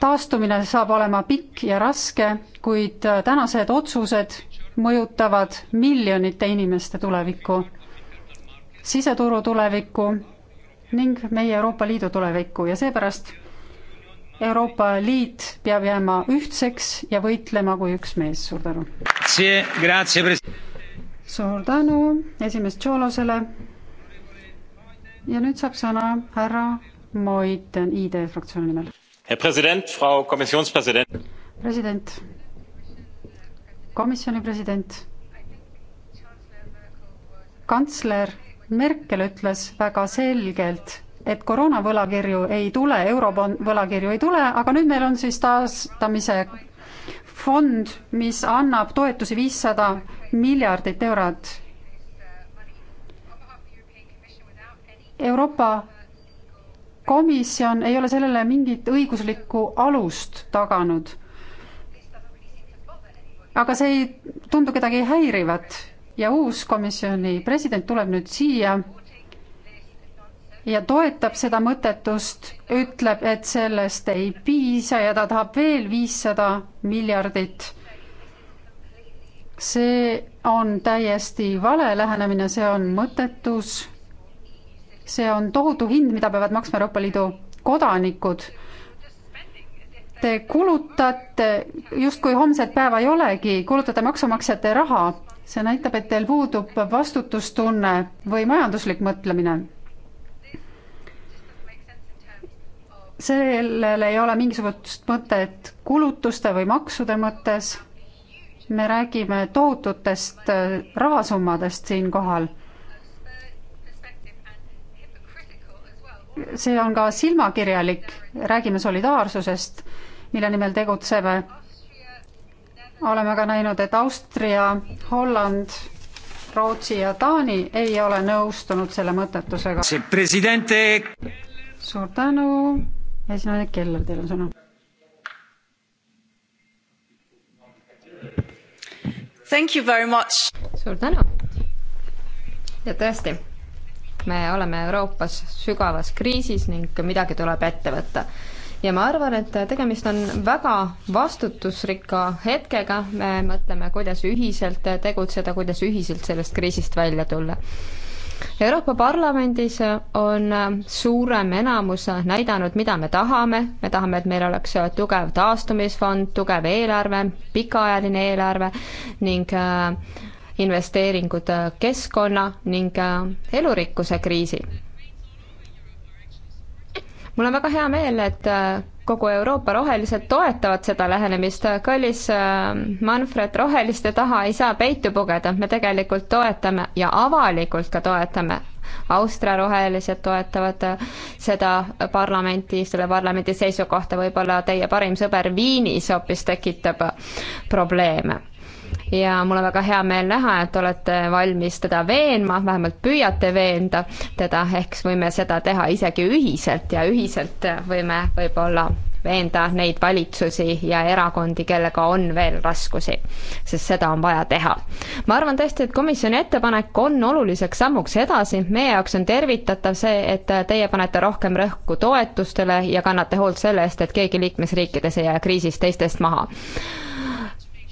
taastumine saab olema pikk ja raske, kuid tänased otsused mõjutavad miljonite inimeste tulevikku, siseturu tulevikku ning meie Euroopa Liidu tulevikku ja seepärast Euroopa Liit peab jääma ühtseks ja võitlema kui üks mees, suur tänu. suur tänu esimees Tšolosele. ja nüüd saab sõna härra Moiten ID fraktsiooni nimel. Herr Präsident, Frau Kommissionspräsident. president, komisjoni president, kantsler Merkel ütles väga selgelt, et koroona võlakirju ei tule, eurobond võlakirju ei tule, aga nüüd meil on siis taastamise fond, mis annab toetusi viissada miljardit eurot. Euroopa Komisjon ei ole sellele mingit õiguslikku alust taganud. aga see ei tundu kedagi häirivat ja uus komisjoni president tuleb nüüd siia ja toetab seda mõttetust, ütleb, et sellest ei piisa ja ta tahab veel viissada miljardit. see on täiesti vale lähenemine, see on mõttetus, see on tohutu hind, mida peavad maksma Euroopa Liidu kodanikud. Te kulutate justkui homset päeva ei olegi, kulutate maksumaksjate raha, see näitab, et teil puudub vastutustunne või majanduslik mõtlemine sellel ei ole mingisugust mõtet kulutuste või maksude mõttes, me räägime tohututest äh, rahasummadest siinkohal. see on ka silmakirjalik, räägime solidaarsusest, mille nimel tegutseme. oleme ka näinud, et Austria, Holland, Rootsi ja Taani ei ole nõustunud selle mõttetusega. suur tänu ja siis on ainult keller, teil on sõna. Thank you very much. suur tänu. ja tõesti, me oleme Euroopas sügavas kriisis ning midagi tuleb ette võtta ja ma arvan, et tegemist on väga vastutusrikka hetkega, me mõtleme, kuidas ühiselt tegutseda, kuidas ühiselt sellest kriisist välja tulla. Euroopa Parlamendis on suurem enamus näidanud, mida me tahame, me tahame, et meil oleks tugev taastumisfond, tugev eelarve, pikaajaline eelarve ning äh, investeeringud äh, keskkonna ning äh, elurikkuse kriisi. mul on väga hea meel, et kogu Euroopa rohelised toetavad seda lähenemist, kallis äh, Manfred, roheliste taha ei saa peitu pugeda, me tegelikult toetame ja avalikult ka toetame. Austria rohelised toetavad äh, seda parlamenti, selle parlamendi seisukohta, võib-olla teie parim sõber Viinis hoopis tekitab äh, probleeme ja mul on väga hea meel näha, et olete valmis teda veenma, vähemalt püüate veenda teda, ehk siis võime seda teha isegi ühiselt ja ühiselt võime võib-olla veenda neid valitsusi ja erakondi, kellega on veel raskusi, sest seda on vaja teha. ma arvan tõesti, et komisjoni ettepanek on oluliseks sammuks edasi, meie jaoks on tervitatav see, et teie panete rohkem rõhku toetustele ja kannate hoolt selle eest, et keegi liikmesriikides ei jää kriisis teistest maha.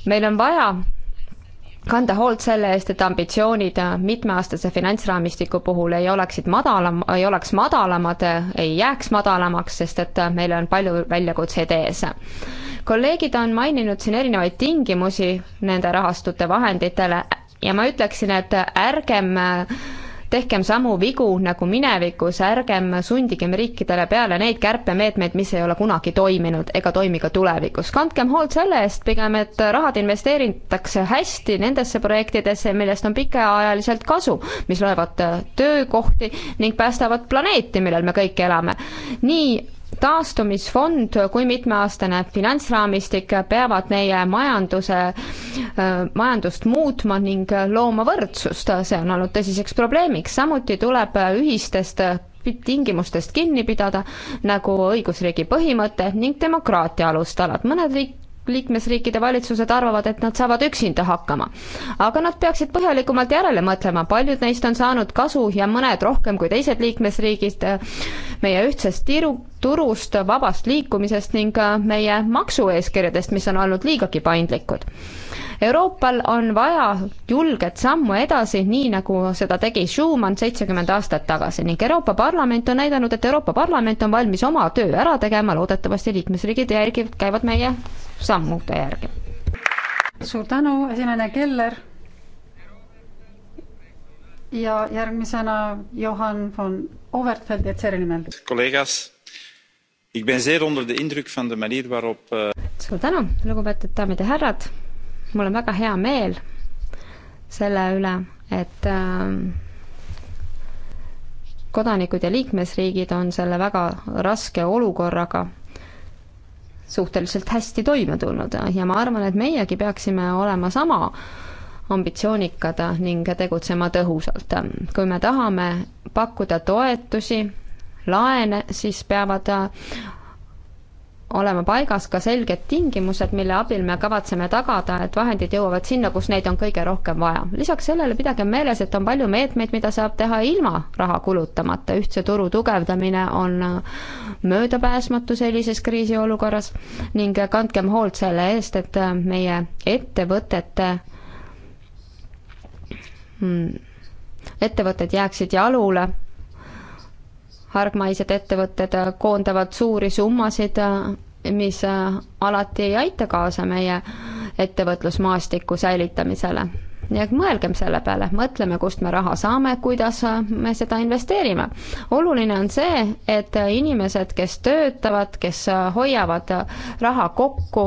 meil on vaja kanda hoolt selle eest, et ambitsioonid mitmeaastase finantsraamistiku puhul ei oleksid madalam, ei oleks madalamad, ei jääks madalamaks, sest et meil on palju väljakutseid ees. kolleegid on maininud siin erinevaid tingimusi nende rahastute vahenditele ja ma ütleksin, et ärgem äh, tehkem samu vigu nagu minevikus, ärgem sundigem riikidele peale neid kärpemeetmeid, mis ei ole kunagi toiminud ega toimi ka tulevikus. kandkem hoolt selle eest pigem, et rahad investeeritakse hästi nendesse projektidesse, millest on pikaajaliselt kasu, mis loevad töökohti ning päästavad planeeti, millel me kõik elame. nii taastumisfond kui mitmeaastane finantsraamistik peavad meie majanduse, äh, majandust muutma ning looma võrdsust, see on olnud tõsiseks probleemiks, samuti tuleb ühistest tingimustest kinni pidada, nagu õigusriigi põhimõte ning demokraatia alustalad. mõned riik, liikmesriikide valitsused arvavad, et nad saavad üksinda hakkama. aga nad peaksid põhjalikumalt järele mõtlema, paljud neist on saanud kasu ja mõned rohkem kui teised liikmesriigid äh, meie ühtsest tiru, turust, vabast liikumisest ning äh, meie maksueeskirjadest, mis on olnud liigagi paindlikud. Euroopal on vaja julget sammu edasi, nii nagu seda tegi Schumann seitsekümmend aastat tagasi ning Euroopa Parlament on näidanud, et Euroopa Parlament on valmis oma töö ära tegema, loodetavasti liikmesriigid järgivad, käivad meie sammude järgi. suur tänu, esimene Keller. ja järgmisena Johan von Overfeld, et selle nimel. kolleegas Ik ben zeer onder de indruk van de manier waarop. Eh, suur tänu, lugupeetud daamid ja härrad mul on väga hea meel selle üle, et ähm, kodanikud ja liikmesriigid on selle väga raske olukorraga suhteliselt hästi toime tulnud ja ma arvan, et meiegi peaksime olema sama ambitsioonikad ning tegutsema tõhusalt. kui me tahame pakkuda toetusi, laene, siis peavad olema paigas ka selged tingimused, mille abil me kavatseme tagada, et vahendid jõuavad sinna, kus neid on kõige rohkem vaja. lisaks sellele pidage meeles, et on palju meetmeid, mida saab teha ilma raha kulutamata, ühtse turu tugevdamine on möödapääsmatu sellises kriisiolukorras ning kandkem hoolt selle eest, et meie ettevõtete hmm, ettevõtted jääksid jalule hargmaised ettevõtted äh, koondavad suuri summasid, äh, mis äh, alati ei aita kaasa meie ettevõtlusmaastiku säilitamisele. nii et mõelgem selle peale, mõtleme, kust me raha saame, kuidas me seda investeerime. oluline on see, et inimesed, kes töötavad, kes hoiavad raha kokku,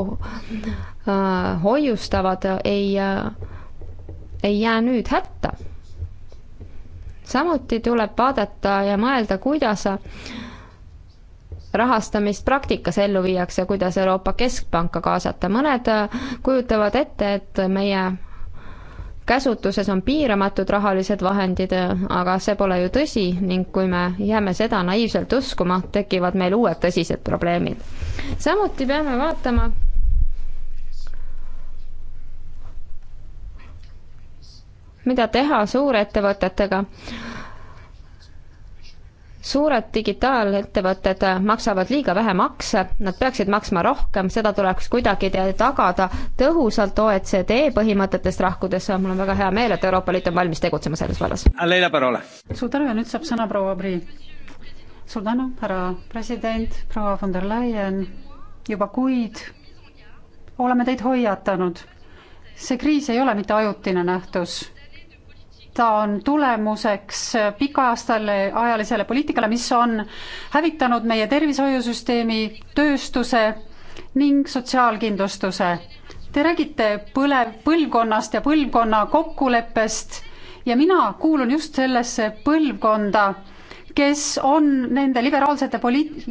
hoiustavad, ei, ei jää nüüd hätta samuti tuleb vaadata ja mõelda, kuidas rahastamist praktikas ellu viiakse, kuidas Euroopa Keskpanka kaasata, mõned kujutavad ette, et meie käsutuses on piiramatud rahalised vahendid, aga see pole ju tõsi ning kui me jääme seda naiivselt uskuma, tekivad meil uued tõsised probleemid. samuti peame vaatama, mida teha suurettevõtetega suured digitaalettevõtted maksavad liiga vähe makse, nad peaksid maksma rohkem, seda tuleks kuidagi tagada tõhusalt OECD põhimõtetest lahkudes, mul on väga hea meel, et Euroopa Liit on valmis tegutsema selles vallas. suur tänu ja nüüd saab sõna proua Prii. suur tänu, härra president, proua von der Leyen, juba kuid oleme teid hoiatanud. see kriis ei ole mitte ajutine nähtus ta on tulemuseks pikaajastale ajalisele poliitikale, mis on hävitanud meie tervishoiusüsteemi, tööstuse ning sotsiaalkindlustuse. Te räägite põlev, põlvkonnast ja põlvkonna kokkuleppest ja mina kuulun just sellesse põlvkonda, kes on nende liberaalsete poliit-,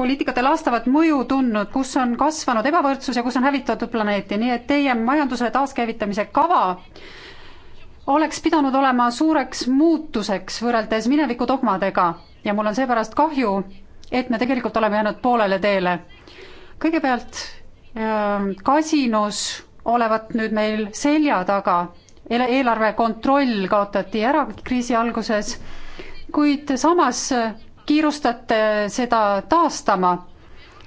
poliitikate laastavat mõju tundnud, kus on kasvanud ebavõrdsus ja kus on hävitatud planeeti, nii et teie majanduse taaskäivitamise kava oleks pidanud olema suureks muutuseks võrreldes mineviku dogmadega ja mul on seepärast kahju, et me tegelikult oleme jäänud poolele teele. kõigepealt ähm, kasinus olevat nüüd meil selja taga, eelarve kontroll kaotati ära kriisi alguses, kuid samas kiirustate seda taastama.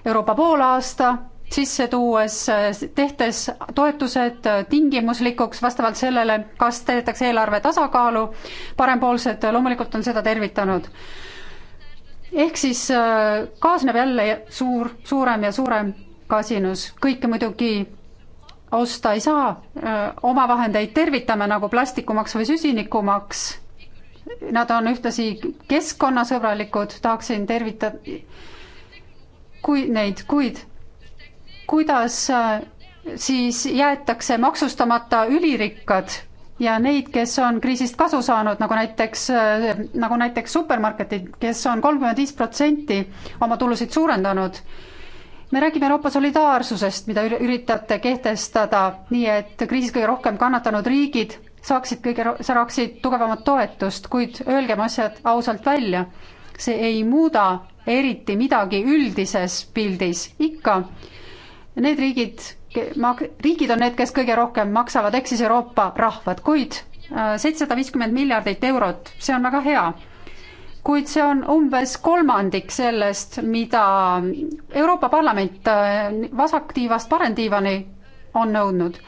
Euroopa poolaasta sisse tuues, tehtes toetused tingimuslikuks vastavalt sellele, kas täidetakse eelarve tasakaalu, parempoolsed loomulikult on seda tervitanud. ehk siis äh, kaasneb jälle suur, suurem ja suurem kasinus, kõike muidugi osta ei saa, äh, omavahendeid tervitame nagu plastikumaks või süsinikumaks, nad on ühtlasi keskkonnasõbralikud, tahaksin tervita-, kui neid, kuid kuidas äh, siis jäetakse maksustamata ülirikkad ja neid, kes on kriisist kasu saanud, nagu näiteks, äh, nagu näiteks supermarketid, kes on kolmkümmend viis protsenti oma tulusid suurendanud. me räägime Euroopa solidaarsusest, mida üritate kehtestada, nii et kriisis kõige rohkem kannatanud riigid saaksid kõige, saaksid tugevamat toetust, kuid öelgem asjad ausalt välja, see ei muuda eriti midagi üldises pildis, ikka Need riigid, riigid on need, kes kõige rohkem maksavad, ehk siis Euroopa rahvad, kuid äh, seitsesada viiskümmend miljardit eurot, see on väga hea. kuid see on umbes kolmandik sellest, mida Euroopa Parlament äh, vasaktiivast paremtiivani on nõudnud.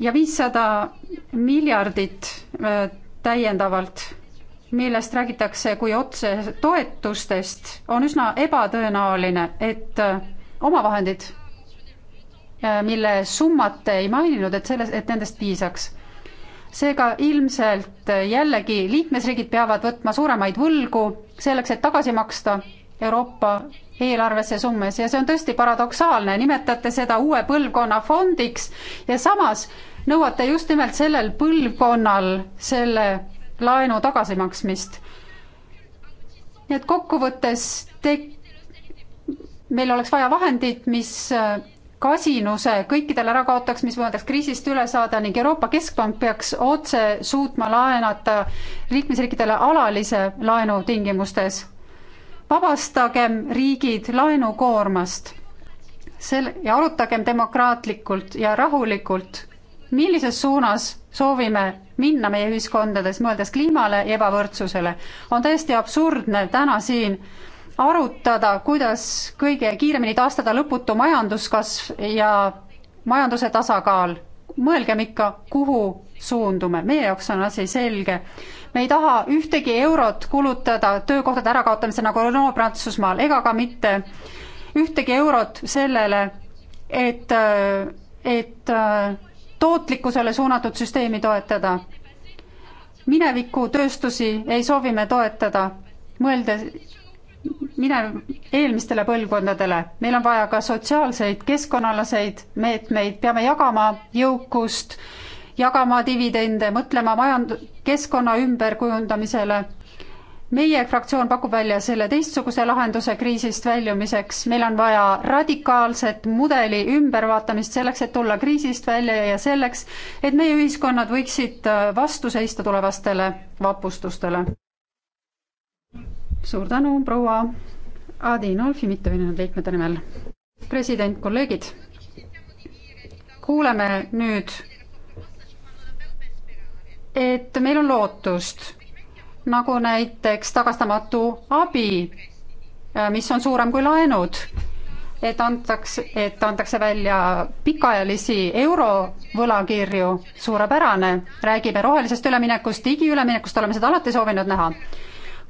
ja viissada miljardit äh, täiendavalt, millest räägitakse kui otse toetustest, on üsna ebatõenäoline, et omavahendid, äh, mille summat ei maininud, et selles, et nendest piisaks. seega ilmselt jällegi liikmesriigid peavad võtma suuremaid võlgu selleks, et tagasi maksta Euroopa eelarvesse summes ja see on tõesti paradoksaalne, nimetate seda uue põlvkonna fondiks ja samas nõuate just nimelt sellel põlvkonnal selle laenu tagasimaksmist. nii et kokkuvõttes tek-, meil oleks vaja vahendit, mis äh, kasinuse kõikidele ära kaotaks, mis võimaldaks kriisist üle saada ning Euroopa Keskpank peaks otse suutma laenata liikmesriikidele alalise laenu tingimustes. vabastagem riigid laenukoormast sel- ja arutagem demokraatlikult ja rahulikult, millises suunas soovime minna meie ühiskondades, mõeldes kliimale ja ebavõrdsusele. on täiesti absurdne täna siin arutada, kuidas kõige kiiremini taastada lõputu majanduskasv ja majanduse tasakaal. mõelgem ikka, kuhu suundume, meie jaoks on asi selge. me ei taha ühtegi eurot kulutada töökohtade ärakaotamisele nagu Renault-Prantsusmaal ega ka mitte ühtegi eurot sellele, et, et äh, tootlikkusele suunatud süsteemi toetada. mineviku tööstusi ei soovi me toetada, mõeldes minev eelmistele põlvkondadele. meil on vaja ka sotsiaalseid, keskkonnaalaseid meetmeid, peame jagama jõukust, jagama dividende, mõtlema majand-, keskkonna ümberkujundamisele. meie fraktsioon pakub välja selle teistsuguse lahenduse kriisist väljumiseks, meil on vaja radikaalset mudeli ümbervaatamist selleks, et tulla kriisist välja ja selleks, et meie ühiskonnad võiksid vastu seista tulevastele vapustustele suur tänu, proua Adinolfi mitteühinenud liikmete nimel. president, kolleegid, kuuleme nüüd, et meil on lootust, nagu näiteks tagastamatu abi, äh, mis on suurem kui laenud, et antakse, et antakse välja pikaajalisi eurovõlakirju, suurepärane, räägime rohelisest üleminekust, digiüleminekust, oleme seda alati soovinud näha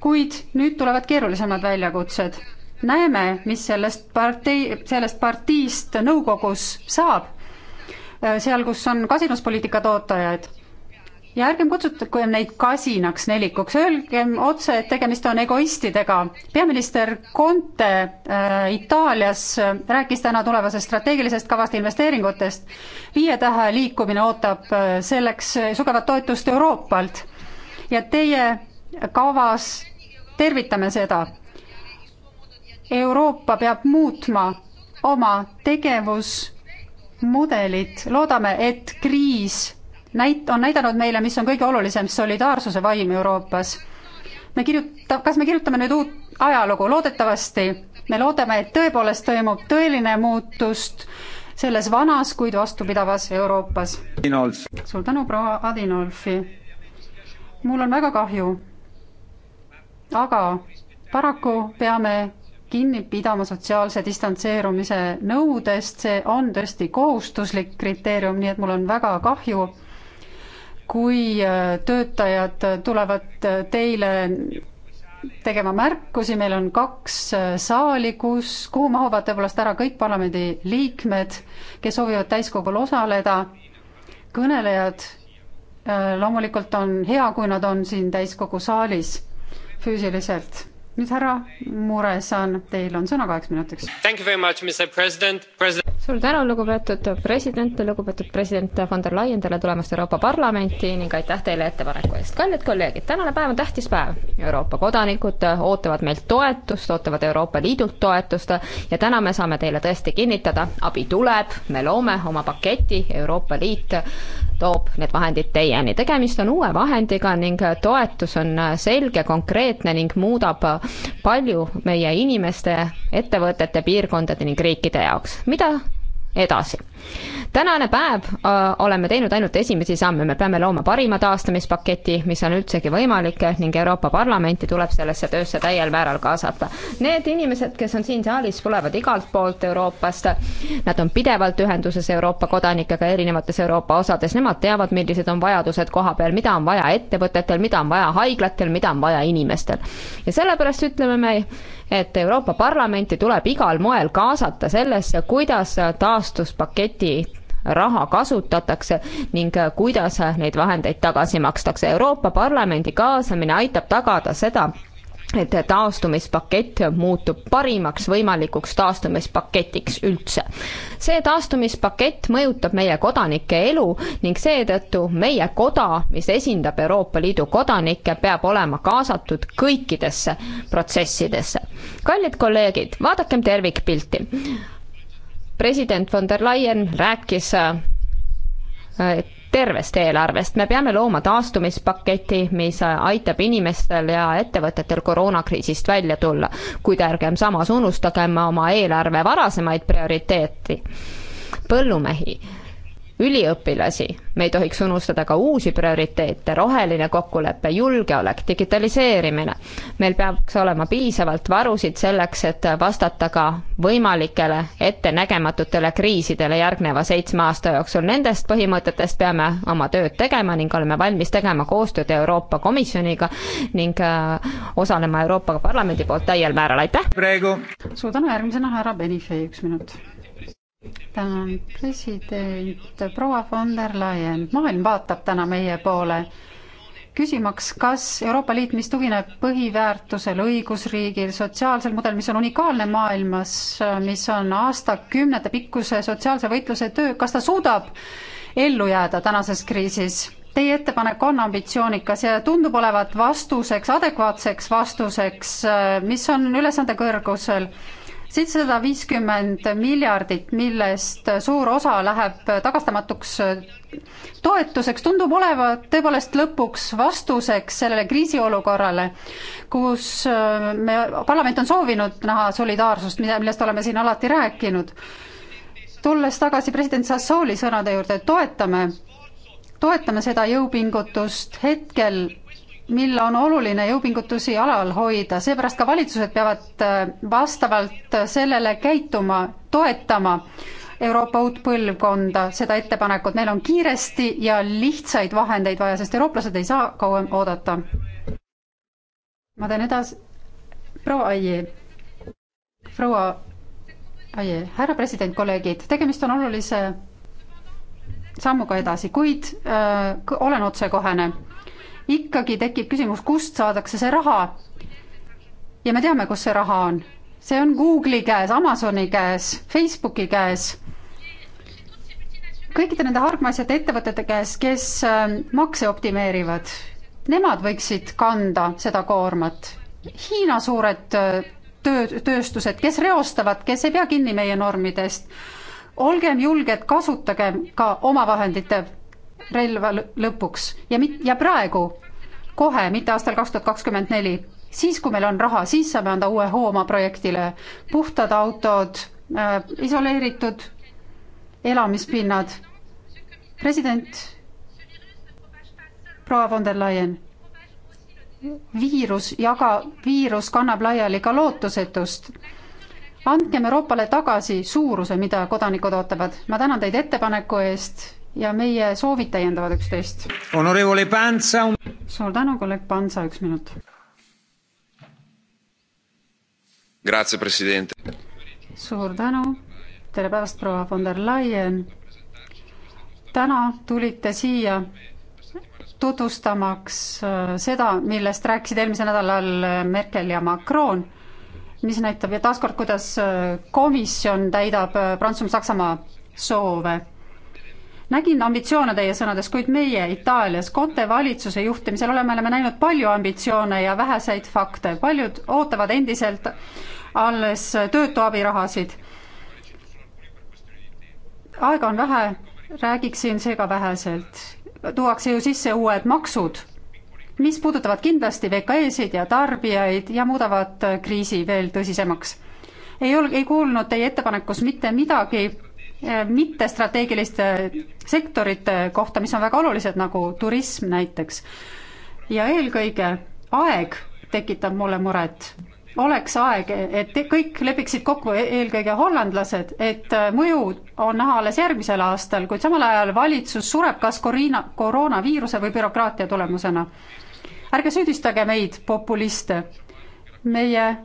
kuid nüüd tulevad keerulisemad väljakutsed. näeme, mis sellest partei, sellest partiist nõukogus saab, äh, seal, kus on kasinuspoliitika tootajaid ja ärgem kutsutagem neid kasinaks nelikuks, öelgem otse, et tegemist on egoistidega. peaminister Conte äh, Itaalias äh, rääkis täna tulevasest strateegilisest kavast investeeringutest. viie tähe liikumine ootab äh, selleks äh, sugevat toetust Euroopalt ja teie kavas, tervitame seda. Euroopa peab muutma oma tegevusmudelit, loodame, et kriis näit-, on näidanud meile, mis on kõige olulisem, solidaarsuse vaim Euroopas. me kirjuta-, kas me kirjutame nüüd uut ajalugu, loodetavasti me loodame, et tõepoolest toimub tõeline muutust selles vanas, kuid vastupidavas Euroopas. suur tänu, proua Adinolfi. mul on väga kahju aga paraku peame kinni pidama sotsiaalse distantseerumise nõudest, see on tõesti kohustuslik kriteerium, nii et mul on väga kahju, kui äh, töötajad tulevad äh, teile tegema märkusi, meil on kaks äh, saali, kus, kuhu mahuvad tõepoolest ära kõik parlamendiliikmed, kes soovivad täiskogul osaleda, kõnelejad, loomulikult on hea, kui nad on siin täiskogu saalis füüsiliselt. nüüd härra Muresan, teil on sõna kaheks minutiks. suur tänu, lugupeetud president, lugupeetud president von der Leyen, tere tulemast Euroopa Parlamenti ning aitäh teile ettepaneku eest. kallid kolleegid, tänane päev on tähtis päev. Euroopa kodanikud ootavad meilt toetust, ootavad Euroopa Liidult toetust ja täna me saame teile tõesti kinnitada, abi tuleb, me loome oma paketi, Euroopa Liit toob need vahendid teieni. tegemist on uue vahendiga ning toetus on selge, konkreetne ning muudab palju meie inimeste, ettevõtete, piirkondade ning riikide jaoks. mida edasi. tänane päev öö, äh, oleme teinud ainult esimesi samme, me peame looma parima taastamispaketi, mis on üldsegi võimalik ning Euroopa Parlamenti tuleb sellesse töösse täiel määral kaasata. Need inimesed, kes on siin saalis, tulevad igalt poolt Euroopast, nad on pidevalt ühenduses Euroopa kodanikega erinevates Euroopa osades, nemad teavad, millised on vajadused koha peal, mida on vaja ettevõtetel, mida on vaja haiglatel, mida on vaja inimestel. ja sellepärast ütleme me et Euroopa Parlamenti tuleb igal moel kaasata sellesse, kuidas taastuspaketi raha kasutatakse ning kuidas neid vahendeid tagasi makstakse. Euroopa Parlamendi kaasamine aitab tagada seda, et taastumispakett muutub parimaks võimalikuks taastumispaketiks üldse. see taastumispakett mõjutab meie kodanike elu ning seetõttu meie koda, mis esindab Euroopa Liidu kodanikke, peab olema kaasatud kõikidesse protsessidesse. kallid kolleegid, vaadakem tervikpilti. president von der Leyen rääkis et äh, tervest eelarvest, me peame looma taastumispaketi, mis aitab inimestel ja ettevõtetel koroonakriisist välja tulla, kuid ärgem samas unustagem oma eelarve varasemaid prioriteeti. põllumehi üliõpilasi, me ei tohiks unustada ka uusi prioriteete, roheline kokkulepe, julgeolek, digitaliseerimine. meil peaks olema piisavalt varusid selleks, et vastata ka võimalikele ettenägematutele kriisidele järgneva seitsme aasta jooksul. Nendest põhimõtetest peame oma tööd tegema ning oleme valmis tegema koostööd Euroopa Komisjoniga ning äh, osalema Euroopa Parlamendi poolt täiel määral, aitäh! suur tänu, järgmisena härra Benifei, üks minut tänan, president proua von der Leyen. maailm vaatab täna meie poole küsimaks, kas Euroopa Liit, mis tugineb põhiväärtusel, õigusriigil, sotsiaalsel mudelil, mis on unikaalne maailmas, mis on aastakümnete pikkuse sotsiaalse võitluse töö, kas ta suudab ellu jääda tänases kriisis? Teie ettepanek on ambitsioonikas ja tundub olevat vastuseks, adekvaatseks vastuseks, mis on ülesande kõrgusel seitsesada viiskümmend miljardit, millest suur osa läheb tagastamatuks toetuseks, tundub olevat tõepoolest lõpuks vastuseks sellele kriisiolukorrale, kus äh, me, parlament on soovinud näha solidaarsust, mida, millest oleme siin alati rääkinud. tulles tagasi president Sassooli sõnade juurde, toetame, toetame seda jõupingutust hetkel mil on oluline jõupingutusi alal hoida, seepärast ka valitsused peavad äh, vastavalt sellele käituma, toetama Euroopa uut põlvkonda, seda ettepanekut, meil on kiiresti ja lihtsaid vahendeid vaja, sest eurooplased ei saa kauem oodata. ma teen edasi, proua Aie, proua Aie, härra president, kolleegid, tegemist on olulise sammuga edasi, kuid öö, äh, olen otsekohene ikkagi tekib küsimus, kust saadakse see raha. ja me teame, kus see raha on. see on Google'i käes, Amazoni käes, Facebooki käes kõikide nende hargmaisete ettevõtete käes, kes ähm, makse optimeerivad, nemad võiksid kanda seda koormat. Hiina suured äh, töö, tööstused, kes reostavad, kes ei pea kinni meie normidest, olgem julged, kasutagem ka omavahendite relva lõpuks ja mit-, ja praegu, kohe, mitte aastal kaks tuhat kakskümmend neli. siis, kui meil on raha, siis saame anda uue hoo oma projektile. puhtad autod äh,, isoleeritud elamispinnad. president proua von der Leyen, viirus jaga, viirus kannab laiali ka lootusetust andkem Euroopale tagasi suuruse, mida kodanikud ootavad. ma tänan teid ettepaneku eest ja meie soovid täiendavad üksteist. suur tänu, kolleeg Pansa, üks minut. suur tänu, tere päevast, proua von der Leyen. täna tulite siia tutvustamaks äh, seda, millest rääkisid eelmisel nädalal äh, Merkel ja Macron, mis näitab ju taaskord, kuidas äh, komisjon täidab Prantsusmaa-Saksamaa soove nägin ambitsioone teie sõnades, kuid meie Itaalias Conte valitsuse juhtimisel oleme, oleme näinud palju ambitsioone ja väheseid fakte, paljud ootavad endiselt alles töötu abirahasid. aega on vähe, räägiksin seega väheselt. tuuakse ju sisse uued maksud, mis puudutavad kindlasti VKE-sid ja tarbijaid ja muudavad kriisi veel tõsisemaks ei ol-, ei kuulnud teie ettepanekus mitte midagi mittestrateegiliste sektorite kohta, mis on väga olulised, nagu turism näiteks. ja eelkõige aeg tekitab mulle muret. oleks aeg, et kõik lepiksid kokku, e-, eelkõige hollandlased, et äh, mõju on näha alles järgmisel aastal, kuid samal ajal valitsus sureb kas koriina, koroonaviiruse või bürokraatia tulemusena. ärge süüdistage meid, populiste. meie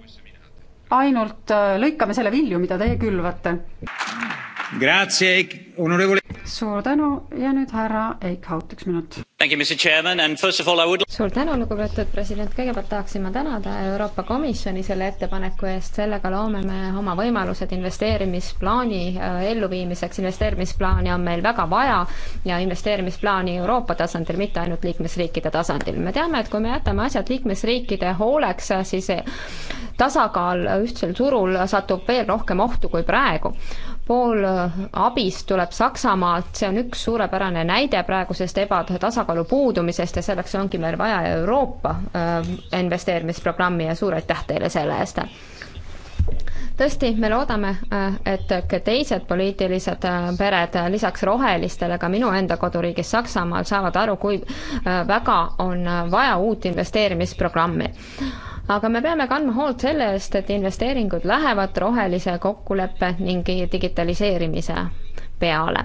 ainult äh, lõikame selle vilju, mida teie külvate suur tänu ja nüüd härra Eichhout, üks minut. Would... suur tänu, lugupeetud president, kõigepealt tahaksin ma tänada Euroopa Komisjoni selle ettepaneku eest, sellega loome me oma võimalused investeerimisplaani äh, elluviimiseks, investeerimisplaani on meil väga vaja ja investeerimisplaani Euroopa tasandil, mitte ainult liikmesriikide tasandil. me teame, et kui me jätame asjad liikmesriikide hooleks, siis tasakaal ühtsel turul satub veel rohkem ohtu kui praegu pool äh, abist tuleb Saksamaalt, see on üks suurepärane näide praegusest ebatasakaalu puudumisest ja selleks ongi meil vaja Euroopa äh, investeerimisprogrammi ja suur aitäh teile selle eest! tõesti, me loodame, äh, et ka teised poliitilised äh, pered äh, lisaks rohelistele ka minu enda koduriigis Saksamaal saavad aru, kui väga on vaja uut investeerimisprogrammi aga me peame kandma hoolt selle eest, et investeeringud lähevad rohelise kokkuleppe ning digitaliseerimise peale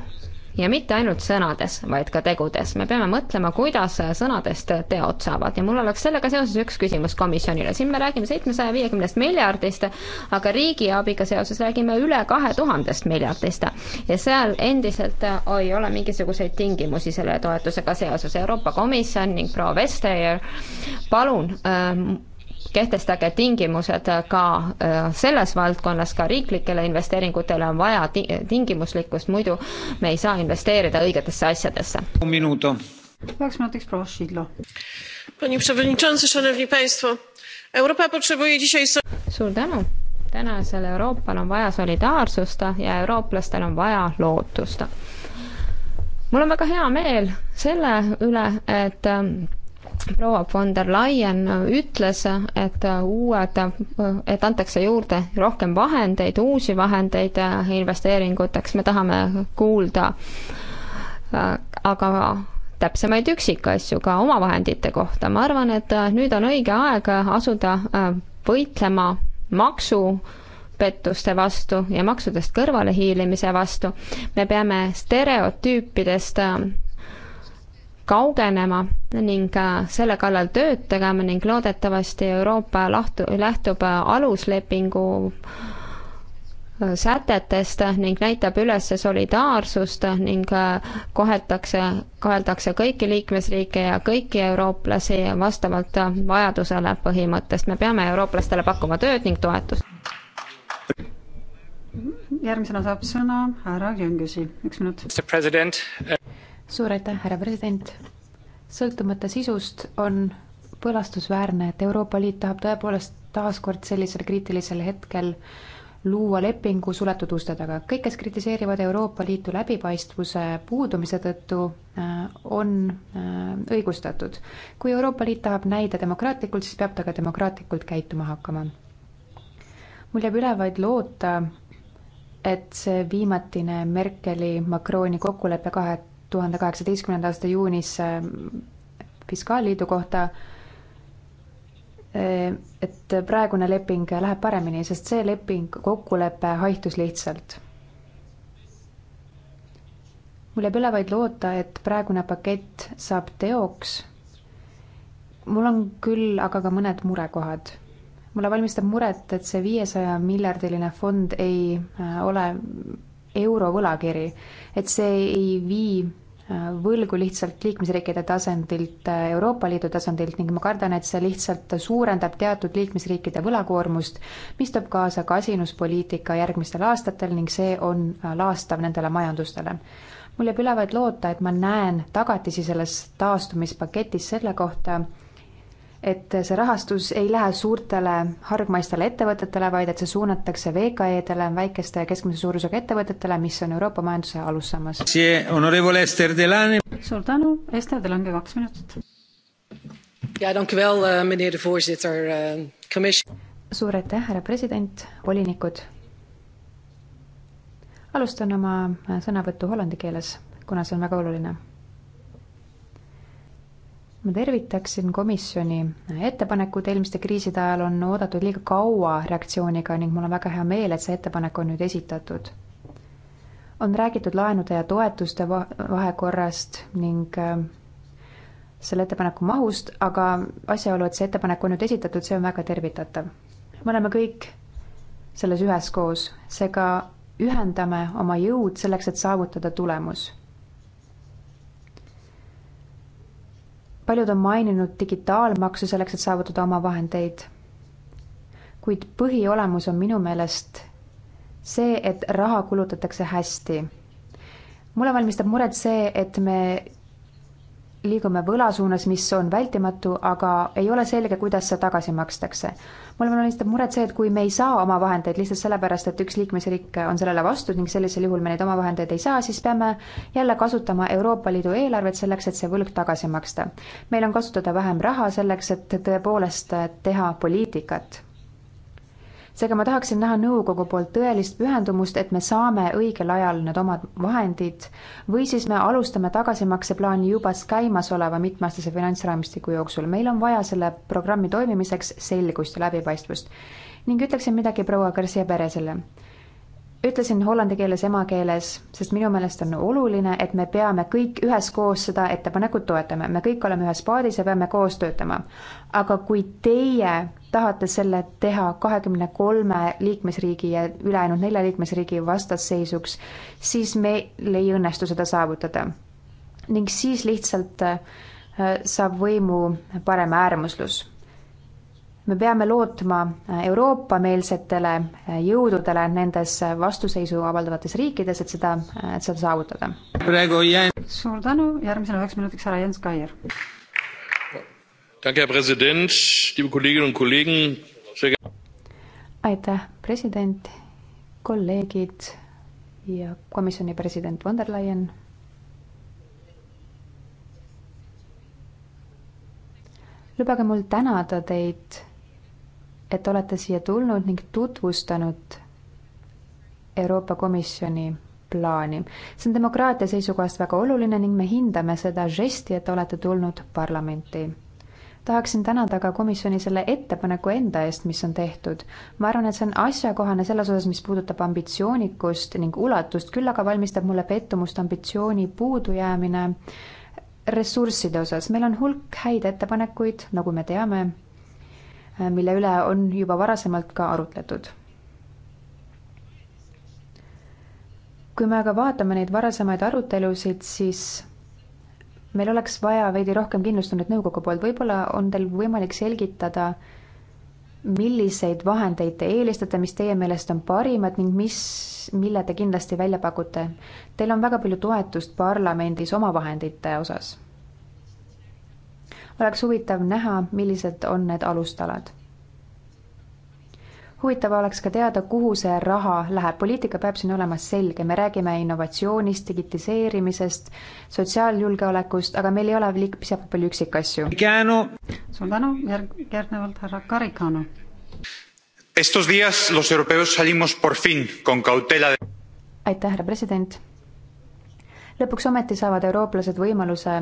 ja mitte ainult sõnades, vaid ka tegudes. me peame mõtlema, kuidas sõnadest teod saavad ja mul oleks sellega seoses üks küsimus komisjonile. siin me räägime seitsmesaja viiekümnest miljardist, aga riigiabiga seoses räägime üle kahe tuhandest miljardist ja seal endiselt oh, ei ole mingisuguseid tingimusi selle toetusega seoses. Euroopa Komisjon ning proua Vestager, palun ähm, kehtestage tingimused ka äh, selles valdkonnas, ka riiklikele investeeringutele on vaja tingimuslikkust, muidu me ei saa investeerida õigetesse asjadesse. minuto. kaks minutiks, proua Šidlo. Panie przewodniczący, szanowni państwo, Euroopa potrzebuje dzisiaj. suur tänu tänasel Euroopal on vaja solidaarsust ja eurooplastel on vaja lootust. mul on väga hea meel selle üle, et proua von der Leyen äh, ütles, et äh, uued, äh, et antakse juurde rohkem vahendeid, uusi vahendeid investeeringuteks, me tahame kuulda aga täpsemaid üksikasju ka omavahendite kohta. ma arvan, et nüüd on õige aeg asuda võitlema maksu pettuste vastu ja maksudest kõrvalehiilimise vastu. me peame stereotüüpidest kaugenema ning äh, selle kallal tööd tegema ning loodetavasti Euroopa lahtu, lähtub äh, aluslepingu äh, sätetest ning näitab üles solidaarsust ning koheldakse, koheldakse kõiki liikmesriike ja kõiki eurooplasi vastavalt vajadusele põhimõttest. me peame eurooplastele pakkuma tööd ning toetust. järgmisena saab sõna härra Jõngüsi, üks minut suur aitäh, härra president. sõltumata sisust on põlastusväärne, et Euroopa Liit tahab tõepoolest taaskord sellisel kriitilisel hetkel luua lepingu suletud uste taga. kõik, kes kritiseerivad Euroopa Liitu läbipaistvuse puudumise tõttu, äh, on äh, õigustatud. kui Euroopa Liit tahab näida demokraatlikult, siis peab ta ka demokraatlikult käituma hakkama. mul jääb üle vaid loota, et see viimatine Merkeli-Macroni kokkulepe kahe tuhande kaheksateistkümnenda aasta juunis ähm, fiskaalliidu kohta, äh, et praegune leping läheb paremini, sest see leping, kokkulepe haihtus lihtsalt. mul jääb üle vaid loota, et praegune pakett saab teoks. mul on küll aga ka mõned murekohad. mulle valmistab muret, et see viiesaja miljardiline fond ei äh, ole euro võlakiri, et see ei vii võlgu lihtsalt liikmesriikide tasandilt äh, Euroopa Liidu tasandilt ning ma kardan, et see lihtsalt suurendab teatud liikmesriikide võlakoormust, mis toob kaasa kasinuspoliitika järgmistel aastatel ning see on äh, laastav nendele majandustele. mul jääb üle vaid loota, et ma näen tagatisi selles taastumispaketis selle kohta, et see rahastus ei lähe suurtele hargmaistele ettevõtetele, vaid et see suunatakse VKE-dele, väikeste ja keskmise suurusega ettevõtetele, mis on Euroopa majanduse alussammas. suur tänu, Ester, teil ongi kaks minutit. Eh, eh, suur aitäh, härra president, volinikud. alustan oma eh, sõnavõttu hollandi keeles, kuna see on väga oluline ma tervitaksin komisjoni ettepanekut, eelmiste kriiside ajal on oodatud liiga kaua reaktsiooniga ning mul on väga hea meel, et see ettepanek on nüüd esitatud. on räägitud laenude ja toetuste vahekorrast ning äh, selle ettepaneku mahust, aga asjaolu, et see ettepanek on nüüd esitatud, see on väga tervitatav. me oleme kõik selles üheskoos, seega ühendame oma jõud selleks, et saavutada tulemus paljud on maininud digitaalmaksu selleks, et saavutada oma vahendeid. kuid põhiolemus on minu meelest see, et raha kulutatakse hästi. mulle valmistab muret see, et me liigume võla suunas, mis on vältimatu, aga ei ole selge, kuidas see tagasi makstakse. mulle valmistab muret see, et kui me ei saa oma vahendeid lihtsalt sellepärast, et üks liikmesriik on sellele vastu ning sellisel juhul me neid oma vahendeid ei saa, siis peame jälle kasutama Euroopa Liidu eelarvet selleks, et see võlg tagasi maksta. meil on kasutada vähem raha selleks, et tõepoolest teha poliitikat seega ma tahaksin näha nõukogu poolt tõelist pühendumust, et me saame õigel ajal need omad vahendid või siis me alustame tagasimakseplaani juba käimasoleva mitmeaastase finantsraamistiku jooksul. meil on vaja selle programmi toimimiseks selgust ja läbipaistvust. ning ütleksin midagi proua Garcia Perezile ütlesin hollandi keeles emakeeles, sest minu meelest on oluline, et me peame kõik üheskoos seda ettepanekut toetama, me kõik oleme ühes paadis ja peame koos töötama. aga kui teie tahate selle teha kahekümne kolme liikmesriigi ja ülejäänud nelja liikmesriigi vastasseisuks, siis meil ei õnnestu seda saavutada. ning siis lihtsalt äh, saab võimu parem äärmuslus me peame lootma Euroopa-meelsetele eh, jõududele nendes vastuseisu avaldavates riikides, et seda, eh, et seda saavutada. suur tänu, järgmisena üheks minutiks härra Jens Kaier. aitäh, president, kolleegid ja komisjoni president von der Leyen lubage mul tänada teid et olete siia tulnud ning tutvustanud Euroopa Komisjoni plaani. see on demokraatia seisukohast väga oluline ning me hindame seda žesti, et olete tulnud parlamenti. tahaksin tänada ka komisjoni selle ettepaneku enda eest, mis on tehtud. ma arvan, et see on asjakohane selles osas, mis puudutab ambitsioonikust ning ulatust, küll aga valmistab mulle pettumust ambitsiooni puudujäämine ressursside osas. meil on hulk häid ettepanekuid, nagu me teame Äh, mille üle on juba varasemalt ka arutletud. kui me aga vaatame neid varasemaid arutelusid, siis meil oleks vaja veidi rohkem kindlustunnet nõukogu poolt, võib-olla on teil võimalik selgitada, milliseid vahendeid te eelistate, mis teie meelest on parimad ning mis, mille te kindlasti välja pakute? Teil on väga palju toetust parlamendis omavahendite osas oleks huvitav näha, millised on need alustalad. huvitav oleks ka teada, kuhu see raha läheb, poliitika peab siin olema selge, me räägime innovatsioonist, digitiseerimisest, sotsiaaljulgeolekust, aga meil ei ole liiga piisavalt palju üksikasju. suur tänu, järg, järgnevalt härra Karikano. Estos días los europeos salimos por fin con cautela de... aitäh, härra president lõpuks ometi saavad eurooplased võimaluse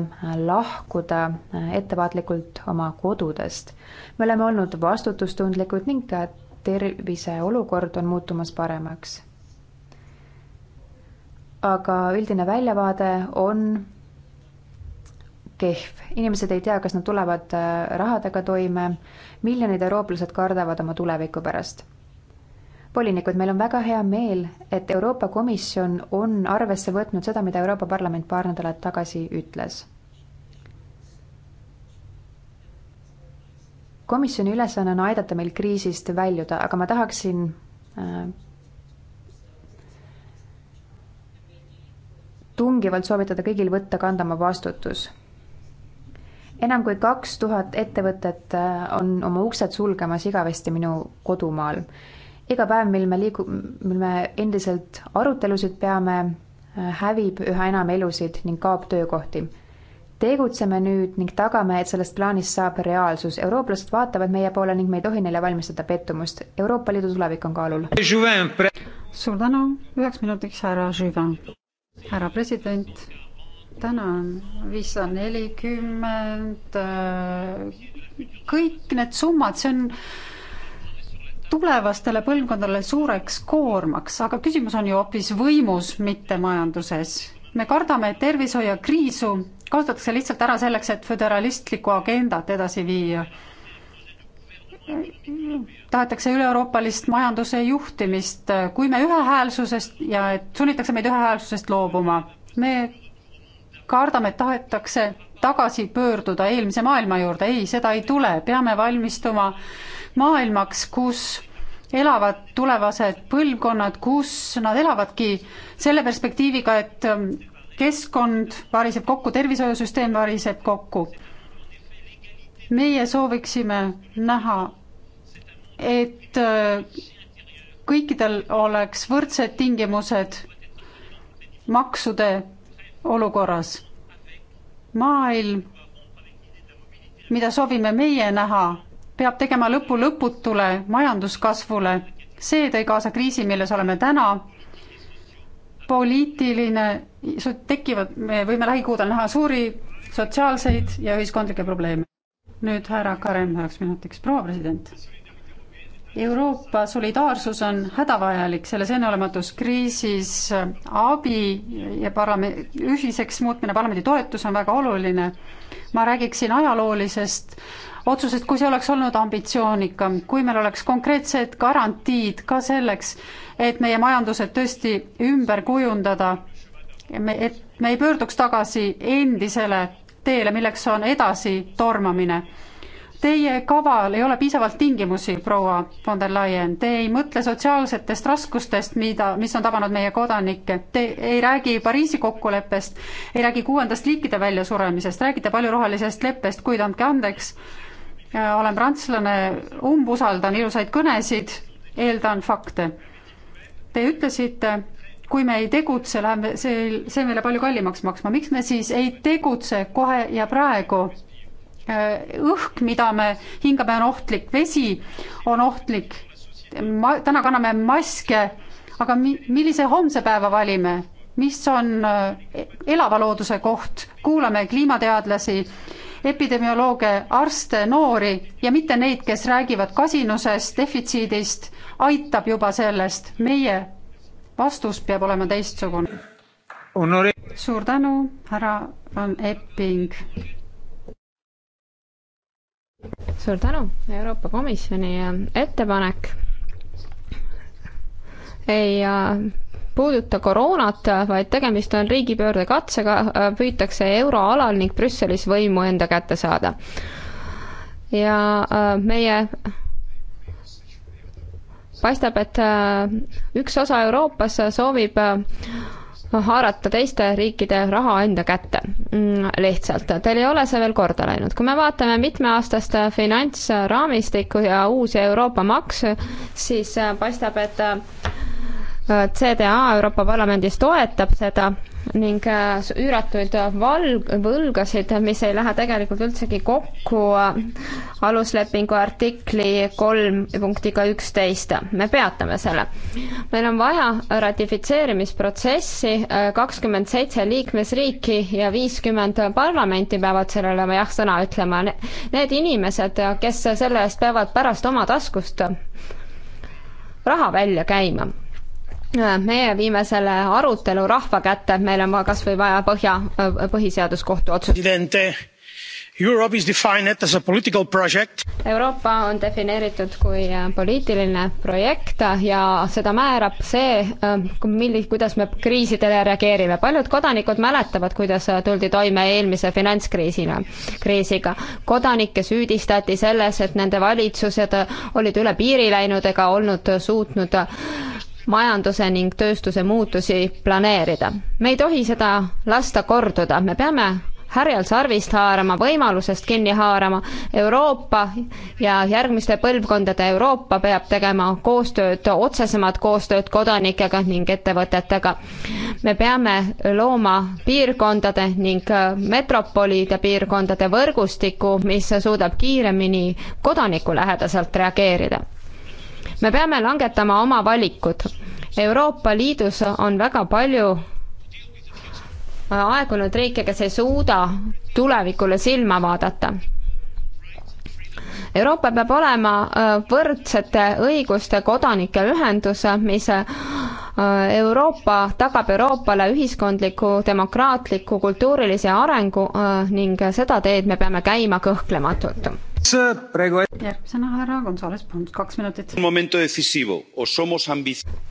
lahkuda äh, ettevaatlikult oma kodudest. me oleme olnud vastutustundlikud ning ka tervise olukord on muutumas paremaks. aga üldine väljavaade on kehv, inimesed ei tea, kas nad tulevad äh, rahadega toime, miljonid eurooplased kardavad oma tuleviku pärast volinikud, meil on väga hea meel, et Euroopa Komisjon on arvesse võtnud seda, mida Euroopa Parlament paar nädalat tagasi ütles. komisjoni ülesanne on aidata meil kriisist väljuda, aga ma tahaksin äh, tungivalt soovitada kõigil võtta kanda oma vastutus enam kui kaks tuhat ettevõtet äh, on oma uksed sulgemas igavesti minu kodumaal iga päev, mil me liigu-, mil me endiselt arutelusid peame, äh, hävib üha enam elusid ning kaob töökohti. tegutseme nüüd ning tagame, et sellest plaanist saab reaalsus. eurooplased vaatavad meie poole ning me ei tohi neile valmistada pettumust. Euroopa Liidu tulevik on kaalul. suur tänu, üheks minutiks härra Juvin. härra president, tänan, viissada nelikümmend, äh, kõik need summad, see on tulevastele põlvkondadele suureks koormaks, aga küsimus on ju hoopis võimus, mitte majanduses. me kardame, et tervishoiukriisu kasutatakse lihtsalt ära selleks, et föderalistlikku agendat edasi viia. tahetakse üle-euroopalist majanduse juhtimist, kui me ühehäälsusest ja et sunnitakse meid ühehäälsusest loobuma. me kardame, et tahetakse tagasi pöörduda eelmise maailma juurde, ei, seda ei tule, peame valmistuma maailmaks, kus elavad tulevased põlvkonnad, kus nad elavadki selle perspektiiviga, et ähm, keskkond variseb kokku, tervishoiusüsteem variseb kokku. meie sooviksime näha, et äh, kõikidel oleks võrdsed tingimused maksude olukorras. maailm, mida soovime meie näha, peab tegema lõpu lõputule majanduskasvule. see tõi kaasa kriisi, milles oleme täna. poliitiline, tekivad, me võime lähikuudel näha suuri sotsiaalseid ja ühiskondlikke probleeme. nüüd härra Karem üheks minutiks, proua president. Euroopa solidaarsus on hädavajalik selles enneolematus kriisis, abi ja parlamendi, ühiseks muutmine parlamendi toetus on väga oluline ma räägiksin ajaloolisest otsusest, kui see oleks olnud ambitsioonikam, kui meil oleks konkreetsed garantiid ka selleks, et meie majandused tõesti ümber kujundada, et me ei pöörduks tagasi endisele teele, milleks on edasi tormamine Teie kaval ei ole piisavalt tingimusi, proua von der Leyen, te ei mõtle sotsiaalsetest raskustest, mida, mis on tabanud meie kodanikke, te ei räägi Pariisi kokkuleppest, ei räägi kuuendast liikide väljasuremisest, räägite paljurohelisest leppest, kuid andke andeks, äh, olen prantslane, umbusaldan ilusaid kõnesid, eeldan fakte. Te ütlesite, kui me ei tegutse, läheb see, see meile palju kallimaks maksma, miks me siis ei tegutse kohe ja praegu Äh, õhk, mida me hingame, on ohtlik, vesi on ohtlik. ma, täna kanname maske, aga mi-, millise homse päeva valime? mis on äh, elava looduse koht, kuulame kliimateadlasi, epidemiolooge, arste, noori ja mitte neid, kes räägivad kasinusest, defitsiidist, aitab juba sellest, meie vastus peab olema teistsugune. suur tänu, härra Van Epping suur tänu, Euroopa Komisjoni äh, ettepanek ei äh, puuduta koroonat, vaid tegemist on riigipöörde katsega, äh, püütakse euroalal ning Brüsselis võimu enda kätte saada. ja meie paistab, et üks osa Euroopas soovib haarata teiste riikide raha enda kätte mm, lihtsalt. Teil ei ole see veel korda läinud. kui me vaatame mitmeaastast finantsraamistikku ja uusi Euroopa makse, siis äh, paistab, et äh, CDA Euroopa Parlamendis toetab seda ning äh, üüratuid valg, võlgasid, mis ei lähe tegelikult üldsegi kokku äh, aluslepingu artikli kolm punktiga üksteist. me peatame selle. meil on vaja ratifitseerimisprotsessi, äh, kakskümmend seitse liikmesriiki ja viiskümmend parlamenti peavad sellele jah-sõna ütlema. Need inimesed, kes selle eest peavad pärast oma taskust raha välja käima meie viime selle arutelu rahva kätte, meil on kas või vaja põhja, põhiseaduskohtu otsust. Euroopa on defineeritud kui äh, poliitiline projekt ja seda määrab see, äh, milli-, kuidas me kriisidele reageerime. paljud kodanikud mäletavad, kuidas äh, tuldi toime eelmise finantskriisina, kriisiga. kodanikke süüdistati selles, et nende valitsused olid üle piiri läinud ega olnud suutnud majanduse ning tööstuse muutusi planeerida. me ei tohi seda lasta korduda, me peame härjal sarvist haarama, võimalusest kinni haarama. Euroopa ja järgmiste põlvkondade Euroopa peab tegema koostööd, otsesemat koostööd kodanikega ning ettevõtetega. me peame looma piirkondade ning äh, metropoliide piirkondade võrgustiku, mis suudab kiiremini kodanikulähedaselt reageerida me peame langetama oma valikud. Euroopa Liidus on väga palju äh, aegunud riike, kes ei suuda tulevikule silma vaadata. Euroopa peab olema äh, võrdsete õiguste kodanike ühendus, mis äh, Euroopa tagab Euroopale ühiskondliku, demokraatliku, kultuurilise arengu ning seda teed me peame käima kõhklematult järgmisena härra Gonzales Pons, kaks minutit.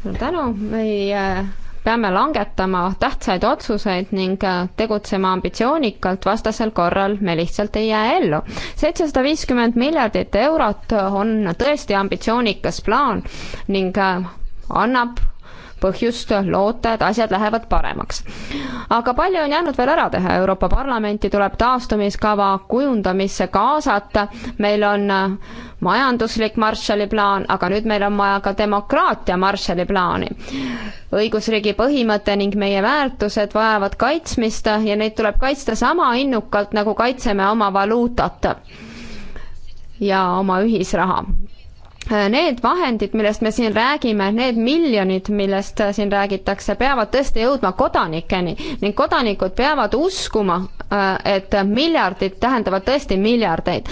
no tänu, meie äh, peame langetama tähtsaid otsuseid ning äh, tegutsema ambitsioonikalt, vastasel korral me lihtsalt ei jää ellu. seitsesada viiskümmend miljardit eurot on tõesti ambitsioonikas plaan ning äh, annab põhjust loota, et asjad lähevad paremaks. aga palju on jäänud veel ära teha, Euroopa Parlamenti tuleb taastumiskava kujundamisse kaasata, meil on majanduslik Marshalli plaan, aga nüüd meil on vaja ka demokraatia Marshalli plaani. õigusriigi põhimõte ning meie väärtused vajavad kaitsmist ja neid tuleb kaitsta sama innukalt, nagu kaitseme oma valuutat ja oma ühisraha. Äh, need vahendid, millest me siin räägime, need miljonid, millest äh, siin räägitakse, peavad tõesti jõudma kodanikeni ning kodanikud peavad uskuma, äh, et miljardid tähendavad tõesti miljardeid.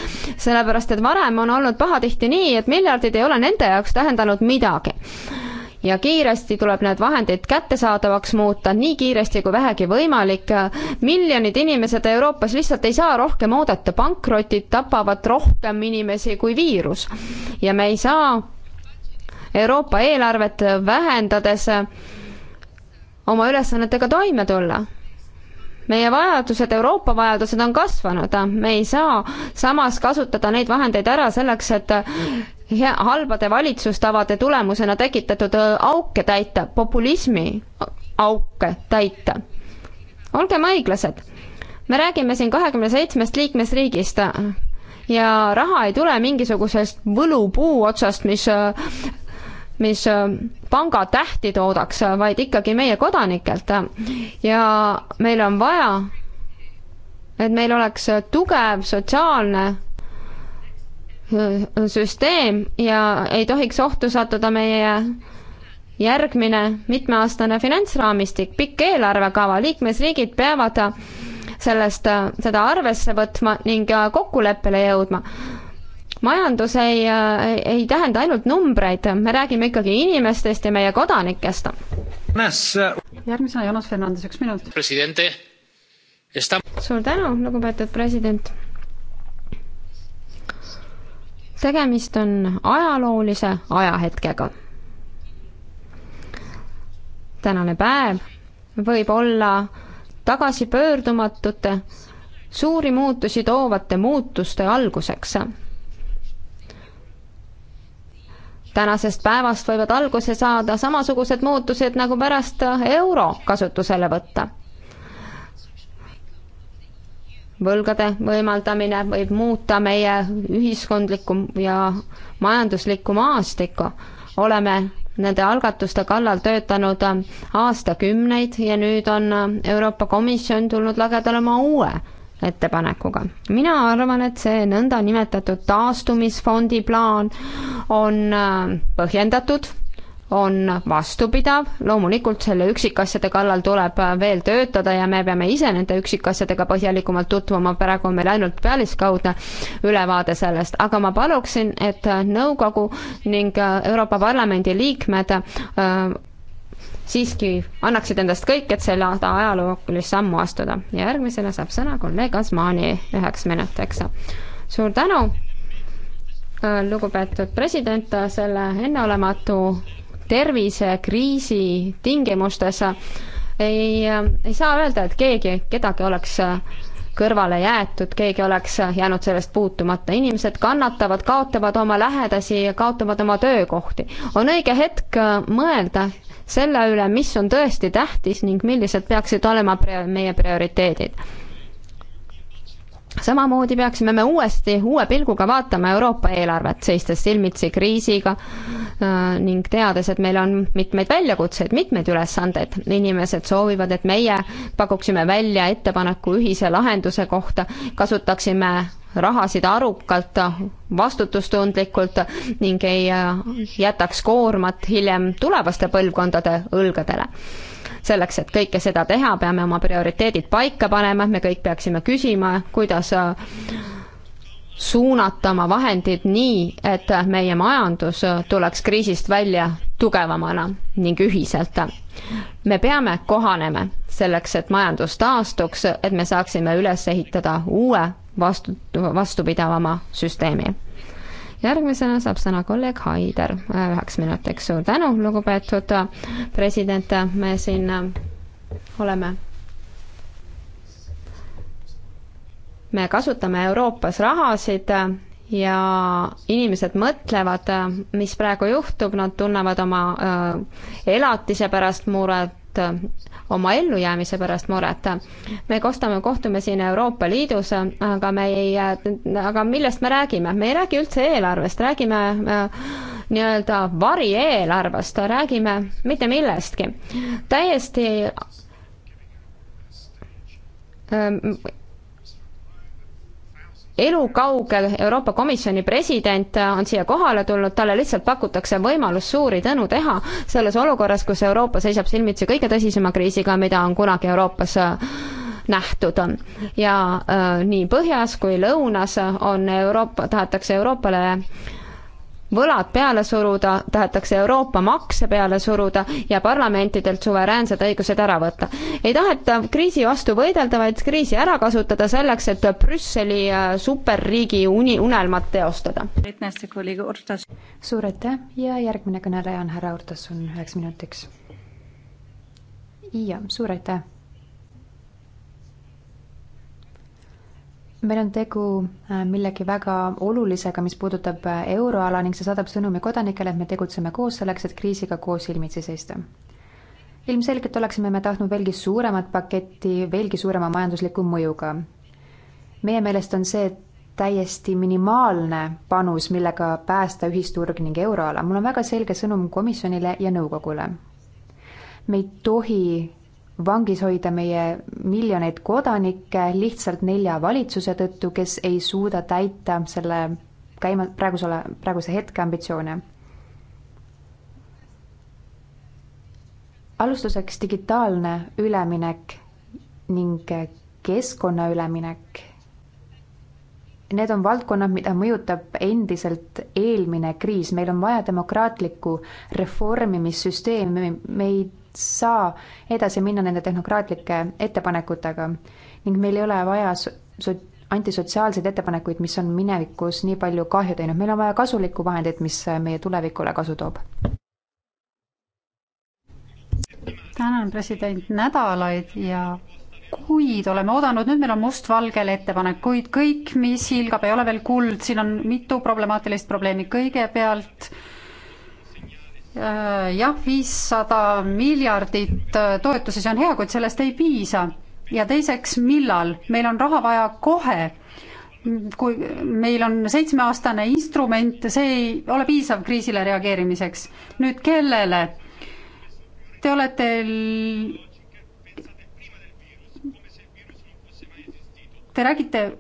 sellepärast, et varem on olnud pahatihti nii, et miljardid ei ole nende jaoks tähendanud midagi ja kiiresti tuleb need vahendid kättesaadavaks muuta, nii kiiresti kui vähegi võimalik. miljonid inimesed Euroopas lihtsalt ei saa rohkem oodata, pankrotid tapavad rohkem inimesi kui viirus. ja me ei saa Euroopa eelarvet vähendades oma ülesannetega toime tulla meie vajadused, Euroopa vajadused on kasvanud, me ei saa samas kasutada neid vahendeid ära selleks, et halbade valitsustavade tulemusena tekitatud auke täita, populismi auke täita. olgem õiglased, me räägime siin kahekümne seitsmest liikmesriigist ja raha ei tule mingisugusest võlupuu otsast, mis mis pangatähti toodaks, vaid ikkagi meie kodanikelt. ja meil on vaja, et meil oleks tugev sotsiaalne süsteem ja ei tohiks ohtu sattuda meie järgmine mitmeaastane finantsraamistik, pikk eelarvekava, liikmesriigid peavad sellest, seda arvesse võtma ning kokkuleppele jõudma majandus ei, ei tähenda ainult numbreid, me räägime ikkagi inimestest ja meie kodanikest. Äh, järgmisena Jonas Fernandes, üks minut. Esta... suur tänu, lugupeetud president tegemist on ajaloolise ajahetkega. tänane päev võib olla tagasipöördumatute, suuri muutusi toovate muutuste alguseks. tänasest päevast võivad alguse saada samasugused muutused nagu pärast euro kasutusele võtta võlgade võimaldamine võib muuta meie ühiskondlikku ja majanduslikku maastikku. oleme nende algatuste kallal töötanud aastakümneid ja nüüd on Euroopa Komisjon tulnud lagedale oma uue ettepanekuga. mina arvan, et see nõndanimetatud taastumisfondi plaan on põhjendatud on vastupidav, loomulikult selle üksikasjade kallal tuleb veel töötada ja me peame ise nende üksikasjadega põhjalikumalt tutvuma, praegu on meil ainult pealiskaudne ülevaade sellest, aga ma paluksin, et nõukogu ning Euroopa Parlamendi liikmed äh, siiski annaksid endast kõik, et selle ajaloolist sammu astuda. ja järgmisena saab sõna kolleeg Asmani üheks minutiks. suur tänu, äh, lugupeetud president, selle enneolematu tervisekriisi tingimustes ei, ei saa öelda, et keegi, kedagi oleks kõrvale jäetud, keegi oleks jäänud sellest puutumata. inimesed kannatavad, kaotavad oma lähedasi ja kaotavad oma töökohti. on õige hetk mõelda selle üle, mis on tõesti tähtis ning millised peaksid olema meie prioriteedid samamoodi peaksime me uuesti, uue pilguga vaatama Euroopa eelarvet, seistes silmitsi kriisiga äh, ning teades, et meil on mitmeid väljakutseid, mitmeid ülesandeid. inimesed soovivad, et meie pakuksime välja ettepaneku ühise lahenduse kohta, kasutaksime rahasid arukalt, vastutustundlikult ning ei äh, jätaks koormat hiljem tulevaste põlvkondade õlgadele. selleks, et kõike seda teha, peame oma prioriteedid paika panema, me kõik peaksime küsima, kuidas äh, suunata oma vahendid nii, et meie majandus äh, tuleks kriisist välja tugevamana ning ühiselt. me peame kohanema selleks, et majandus taastuks, et me saaksime üles ehitada uue vastu, vastupidavama süsteemi. järgmisena saab sõna kolleeg Haider üheks minutiks. suur tänu, lugupeetud president, me siin äh, oleme me kasutame Euroopas rahasid äh, ja inimesed mõtlevad, äh, mis praegu juhtub, nad tunnevad oma elatise pärast muret, oma ellujäämise pärast muret. me kostame, kohtume siin Euroopa Liidus, aga me ei, aga millest me räägime, me ei räägi üldse eelarvest, räägime äh, nii-öelda varieelarvest, räägime mitte millestki. täiesti äh, elukaugel Euroopa Komisjoni president on siia kohale tulnud, talle lihtsalt pakutakse võimalus suuri tänu teha selles olukorras, kus Euroopa seisab silmitsi kõige tõsisema kriisiga, mida on kunagi Euroopas äh, nähtud on. ja äh, nii põhjas kui lõunas on Euroopa, tahetakse Euroopale äh, võlad peale suruda, tahetakse Euroopa makse peale suruda ja parlamentidelt suveräänsed õigused ära võtta. ei taheta kriisi vastu võidelda, vaid kriisi ära kasutada selleks, et Brüsseli äh, superriigi uni, unelmat teostada. suur aitäh ja järgmine kõneleja on härra Urtasun üheks minutiks. ja suur aitäh meil on tegu äh, millegi väga olulisega, mis puudutab äh, euroala ning see saadab sõnumi kodanikele, et me tegutseme koos selleks, et kriisiga koos silmitsi seista. ilmselgelt oleksime me tahtnud veelgi suuremat paketti, veelgi suurema majandusliku mõjuga. meie meelest on see täiesti minimaalne panus, millega päästa ühisturg ning euroala. mul on väga selge sõnum komisjonile ja nõukogule me ei tohi vangis hoida meie miljoneid kodanikke lihtsalt nelja valitsuse tõttu, kes ei suuda täita selle käima, praegusele, praeguse hetke ambitsioone. alustuseks digitaalne üleminek ning keskkonna üleminek. Need on valdkonnad, mida mõjutab endiselt eelmine kriis, meil on vaja demokraatlikku reformimissüsteemi, me ei saa edasi minna nende tehnokraatlike ettepanekutega ning meil ei ole vaja so antisotsiaalseid ettepanekuid, mis on minevikus nii palju kahju teinud, meil on vaja kasulikku vahendeid, mis meie tulevikule kasu toob. tänan, president, nädalaid ja kuid oleme oodanud, nüüd meil on mustvalgel ettepanekuid, kõik, mis hiilgab, ei ole veel kuld, siin on mitu problemaatilist probleemi, kõigepealt äh, Äh, jah, viissada miljardit äh, toetusi, see on hea, kuid sellest ei piisa. ja teiseks, millal? meil on raha vaja kohe. kui meil on seitsmeaastane instrument, see ei ole piisav kriisile reageerimiseks. nüüd kellele? Te olete Te räägite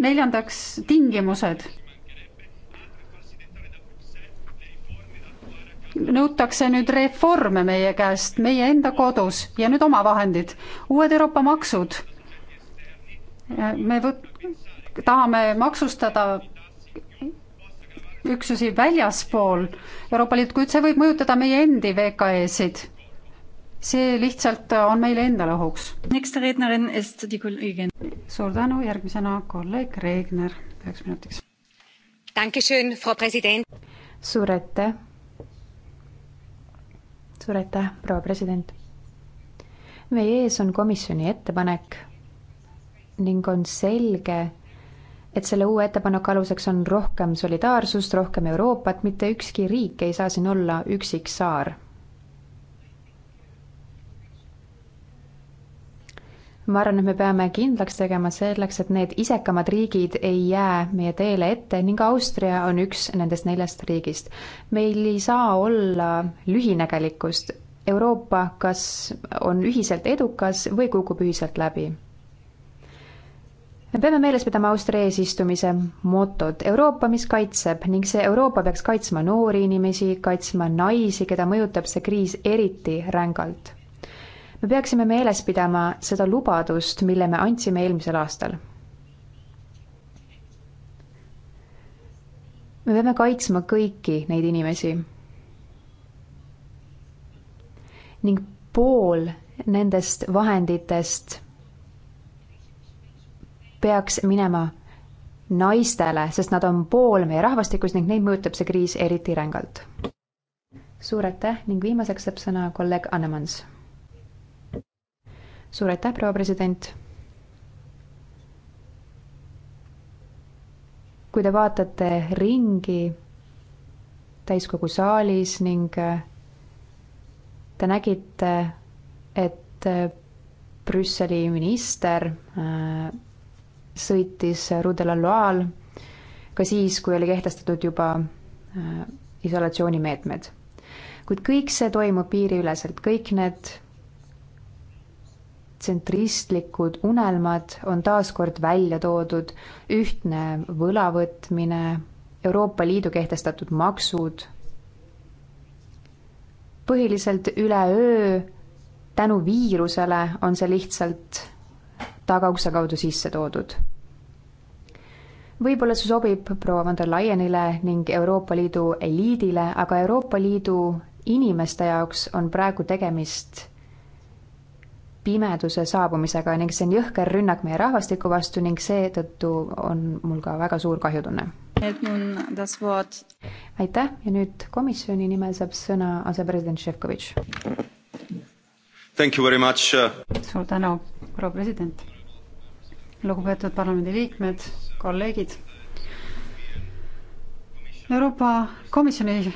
neljandaks tingimused nõutakse nüüd reforme meie käest, meie enda kodus ja nüüd omavahendid, uued Euroopa maksud. me võt-, tahame maksustada üksusi väljaspool Euroopa Liitu, kuid see võib mõjutada meie endi VKE-sid. see lihtsalt on meile endale ohuks. suur tänu, järgmisena kolleeg Regner üheks minutiks. suur aitäh suur aitäh, proua president. meie ees on komisjoni ettepanek ning on selge, et selle uue ettepaneku aluseks on rohkem solidaarsust, rohkem Euroopat, mitte ükski riik ei saa siin olla üksik saar ma arvan, et me peame kindlaks tegema selleks, et need isekamad riigid ei jää meie teele ette ning Austria on üks nendest neljast riigist. meil ei saa olla lühinägelikkust. Euroopa kas on ühiselt edukas või kukub ühiselt läbi me peame meeles pidama Austria eesistumise motot Euroopa, mis kaitseb ning see Euroopa peaks kaitsma noori inimesi, kaitsma naisi, keda mõjutab see kriis eriti rängalt me peaksime meeles pidama seda lubadust, mille me andsime eelmisel aastal. me peame kaitsma kõiki neid inimesi. ning pool nendest vahenditest peaks minema naistele, sest nad on pool meie rahvastikust ning neid mõjutab see kriis eriti rängalt. suur aitäh ning viimaseks saab sõna kolleeg Annemans suur aitäh, proua president. kui te vaatate ringi täiskogu saalis ning äh, te nägite, et äh, Brüsseli minister äh, sõitis Rue de la Loal ka siis, kui oli kehtestatud juba isolatsioonimeetmed. kuid kõik see toimub piiriüleselt, kõik need tsentristlikud unelmad on taas kord välja toodud, ühtne võlavõtmine, Euroopa Liidu kehtestatud maksud, põhiliselt üleöö tänu viirusele on see lihtsalt tagaukse kaudu sisse toodud. võib-olla see sobib proua von der Leyenile ning Euroopa Liidu eliidile, aga Euroopa Liidu inimeste jaoks on praegu tegemist pimeduse saabumisega ning see on jõhker rünnak meie rahvastiku vastu ning seetõttu on mul ka väga suur kahjutunne. aitäh ja nüüd komisjoni nimel saab sõna asepresident Šefkovitš. Uh, suur tänu, proua president. lugupeetud parlamendiliikmed, kolleegid. Euroopa Komisjoni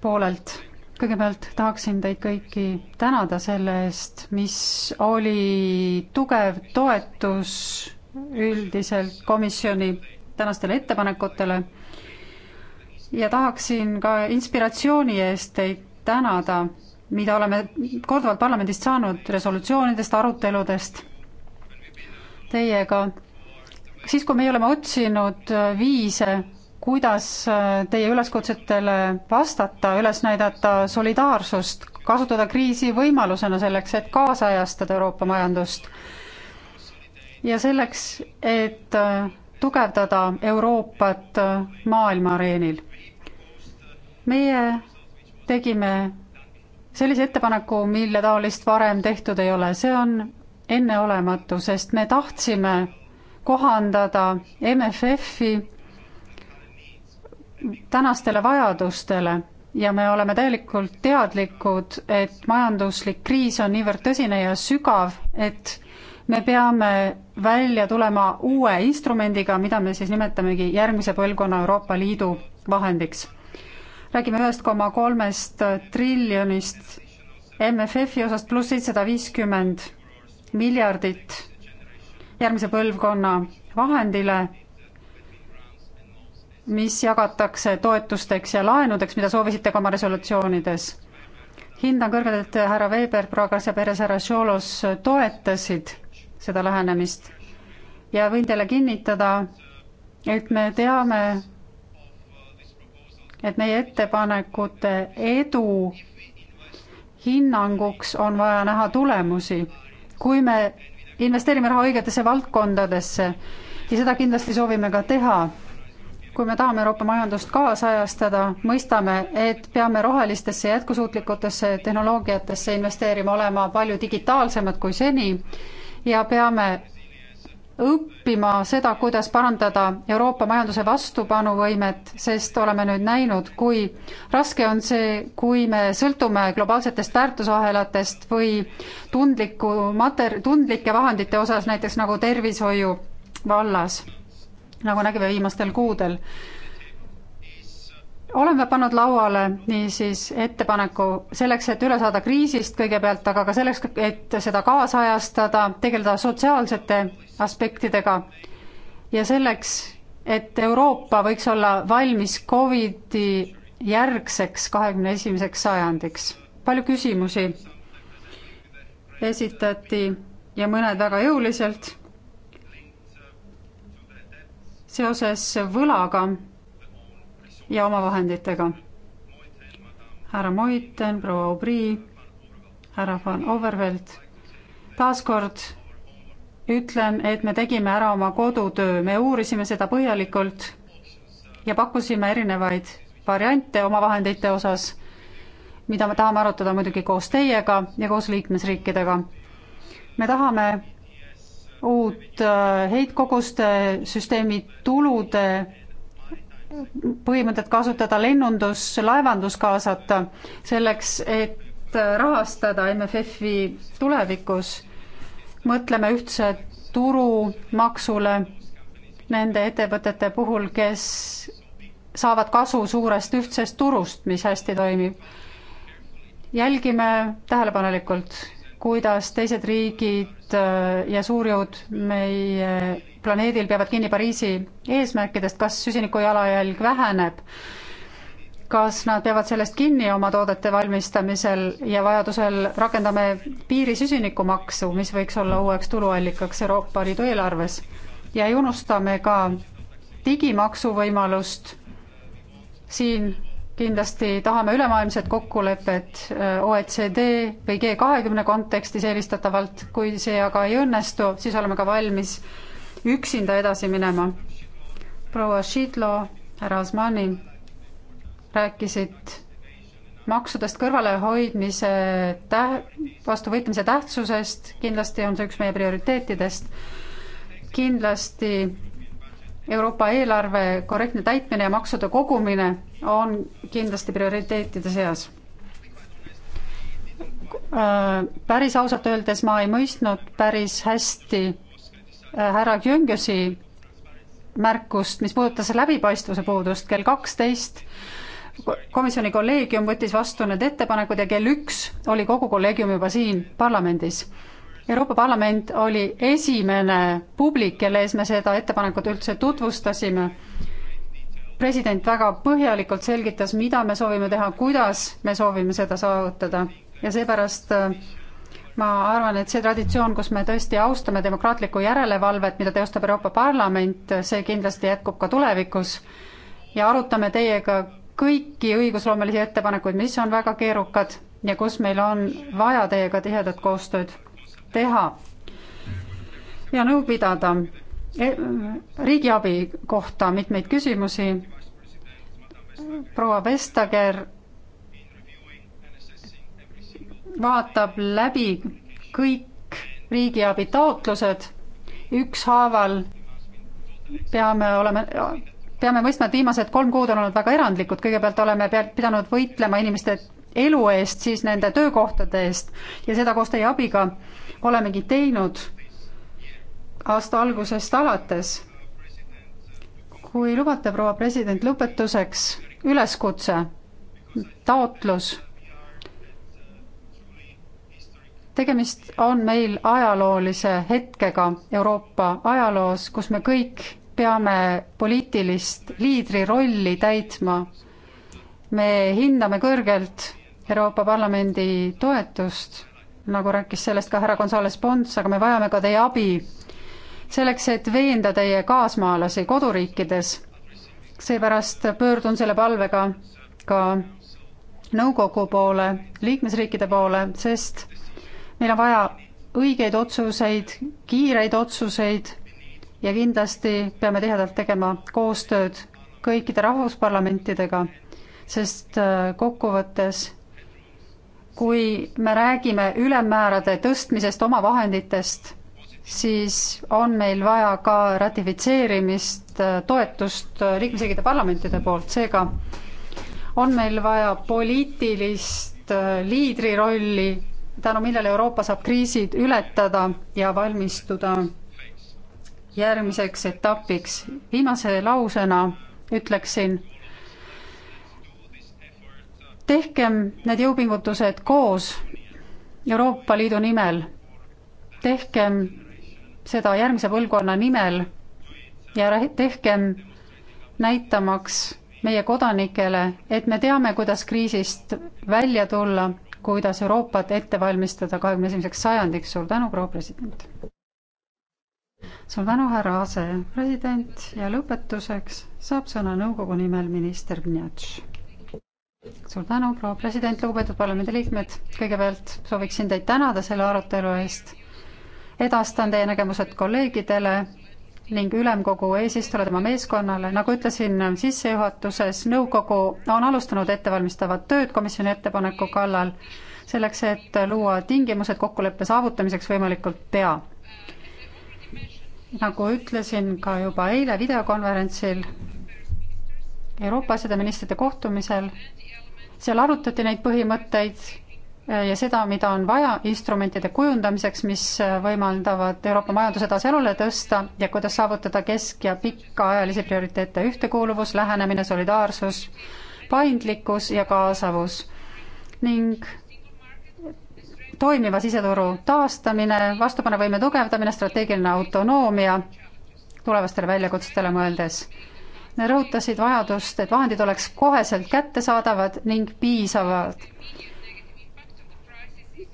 poolelt kõigepealt tahaksin teid kõiki tänada selle eest, mis oli tugev toetus üldiselt komisjoni tänastele ettepanekutele ja tahaksin ka inspiratsiooni eest teid tänada, mida oleme korduvalt parlamendist saanud resolutsioonidest, aruteludest teiega. siis, kui meie oleme otsinud viise kuidas äh, teie üleskutsetele vastata, üles näidata solidaarsust, kasutada kriisi võimalusena selleks, et kaasajastada Euroopa majandust ja selleks, et äh, tugevdada Euroopat äh, maailma areenil. meie tegime sellise ettepaneku, mille taolist varem tehtud ei ole, see on enneolematu, sest me tahtsime kohandada MFF-i tänastele vajadustele ja me oleme täielikult teadlikud, et majanduslik kriis on niivõrd tõsine ja sügav, et me peame välja tulema uue instrumendiga, mida me siis nimetamegi järgmise põlvkonna Euroopa Liidu vahendiks. räägime ühest koma kolmest triljonist MFF-i osast pluss seitsesada viiskümmend miljardit järgmise põlvkonna vahendile mis jagatakse toetusteks ja laenudeks, mida soovisite ka oma resolutsioonides. hindan kõrgelt, et härra Weber, Pragas ja Perez härra Šolos toetasid seda lähenemist ja võin teile kinnitada, et me teame, et meie ettepanekute edu hinnanguks on vaja näha tulemusi. kui me investeerime raha õigetesse valdkondadesse ja seda kindlasti soovime ka teha kui me tahame Euroopa majandust kaasajastada, mõistame, et peame rohelistesse jätkusuutlikutesse tehnoloogiatesse investeerima, olema palju digitaalsemad kui seni ja peame õppima seda, kuidas parandada Euroopa majanduse vastupanuvõimet, sest oleme nüüd näinud, kui raske on see, kui me sõltume globaalsetest väärtusahelatest või tundliku mater-, tundlike vahendite osas, näiteks nagu tervishoiu vallas nagu nägime viimastel kuudel. oleme pannud lauale niisiis ettepaneku selleks, et üle saada kriisist kõigepealt, aga ka selleks, et seda kaasajastada, tegeleda sotsiaalsete aspektidega ja selleks, et Euroopa võiks olla valmis Covidi järgseks kahekümne esimeseks sajandiks. palju küsimusi esitati ja mõned väga jõuliselt seoses võlaga ja omavahenditega. härra Moiten, proua Aubry, härra von Overveld, taaskord ütlen, et me tegime ära oma kodutöö, me uurisime seda põhjalikult ja pakkusime erinevaid variante omavahendite osas, mida me tahame arutada muidugi koos teiega ja koos liikmesriikidega. me tahame uut äh, heitkoguste süsteemi tulude põhimõtet kasutada lennundus, laevandus kaasata, selleks et äh, rahastada MFF-i tulevikus. mõtleme ühtse turumaksule nende ettevõtete puhul, kes saavad kasu suurest ühtsest turust, mis hästi toimib. jälgime tähelepanelikult, kuidas teised riigid suured äh, ja suurjõud meie äh, planeedil peavad kinni Pariisi eesmärkidest, kas süsiniku jalajälg väheneb, kas nad peavad sellest kinni oma toodete valmistamisel ja vajadusel rakendame piiri süsinikumaksu, mis võiks olla uueks tuluallikaks Euroopa Liidu eelarves. ja ei unustame ka digimaksu võimalust siin kindlasti tahame ülemaailmset kokkulepet äh, OECD või G kahekümne kontekstis eelistatavalt, kui see aga ei õnnestu, siis oleme ka valmis üksinda edasi minema. proua Šidlo, härra Osmani rääkisid maksudest kõrvalehoidmise täh-, vastu võitlemise tähtsusest, kindlasti on see üks meie prioriteetidest, kindlasti Euroopa eelarve korrektne täitmine ja maksude kogumine on kindlasti prioriteetide seas. Äh, päris ausalt öeldes ma ei mõistnud päris hästi äh, härra Jüngesi märkust, mis puudutas läbipaistvuse puudust kell kaksteist komisjoni kolleegium võttis vastu need ettepanekud ja kell üks oli kogu kolleegium juba siin parlamendis Euroopa Parlament oli esimene publik, kelle ees me seda ettepanekut üldse tutvustasime. president väga põhjalikult selgitas, mida me soovime teha, kuidas me soovime seda saavutada ja seepärast äh, ma arvan, et see traditsioon, kus me tõesti austame demokraatlikku järelevalvet, mida teostab Euroopa Parlament, äh, see kindlasti jätkub ka tulevikus ja arutame teiega kõiki õigusloomelisi ettepanekuid, mis on väga keerukad ja kus meil on vaja teiega tihedat koostööd teha ja nõu pidada e-, riigiabi kohta mitmeid küsimusi. proua Vestager vaatab läbi kõik riigiabi taotlused ükshaaval. peame olema, peame mõistma, et viimased kolm kuud on olnud väga erandlikud, kõigepealt oleme pidanud võitlema inimeste elu eest, siis nende töökohtade eest ja seda koos teie abiga olemegi teinud aasta algusest alates. kui lubate, proua president, lõpetuseks üleskutse, taotlus. tegemist on meil ajaloolise hetkega Euroopa ajaloos, kus me kõik peame poliitilist liidri rolli täitma. me hindame kõrgelt Euroopa Parlamendi toetust nagu rääkis sellest ka härra Gonzales Pons, aga me vajame ka teie abi selleks, et veenda teie kaasmaalasi koduriikides. seepärast pöördun selle palvega ka nõukogu poole, liikmesriikide poole, sest meil on vaja õigeid otsuseid, kiireid otsuseid ja kindlasti peame tihedalt tegema koostööd kõikide rahvusparlamentidega, sest äh, kokkuvõttes kui me räägime ülemmäärade tõstmisest, omavahenditest, siis on meil vaja ka ratifitseerimist, äh, toetust äh, liikmesriikide parlamentide poolt, seega on meil vaja poliitilist äh, liidri rolli, tänu millele Euroopa saab kriisid ületada ja valmistuda järgmiseks etapiks. viimase lausena ütleksin tehkem need jõupingutused koos Euroopa Liidu nimel, tehkem seda järgmise põlvkonna nimel ja tehkem näitamaks meie kodanikele, et me teame, kuidas kriisist välja tulla, kuidas Euroopat ette valmistada kahekümne esimeseks sajandiks. suur tänu, proua president! suur tänu, härra asepresident ja lõpetuseks saab sõna nõukogu nimel minister Gnjatš suur tänu, proua president, lugupeetud parlamendiliikmed, kõigepealt sooviksin teid tänada selle arutelu eest. edastan teie nägemused kolleegidele ning ülemkogu eesistujale, tema meeskonnale, nagu ütlesin sissejuhatuses, nõukogu on alustanud ettevalmistavat tööd komisjoni ettepaneku kallal, selleks et luua tingimused kokkuleppe saavutamiseks võimalikult pea. nagu ütlesin ka juba eile videokonverentsil Euroopa asjade ministrite kohtumisel seal arutati neid põhimõtteid äh, ja seda, mida on vaja instrumentide kujundamiseks, mis äh, võimaldavad Euroopa majandus edasi elule tõsta ja kuidas saavutada kesk- ja pikaajalisi prioriteete, ühtekuuluvus, lähenemine, solidaarsus, paindlikkus ja kaasavus ning toimiva siseturu taastamine, vastupanuvõime tugevdamine, strateegiline autonoomia tulevastele väljakutsetele mõeldes rõhutasid vajadust, et vahendid oleks koheselt kättesaadavad ning piisavad.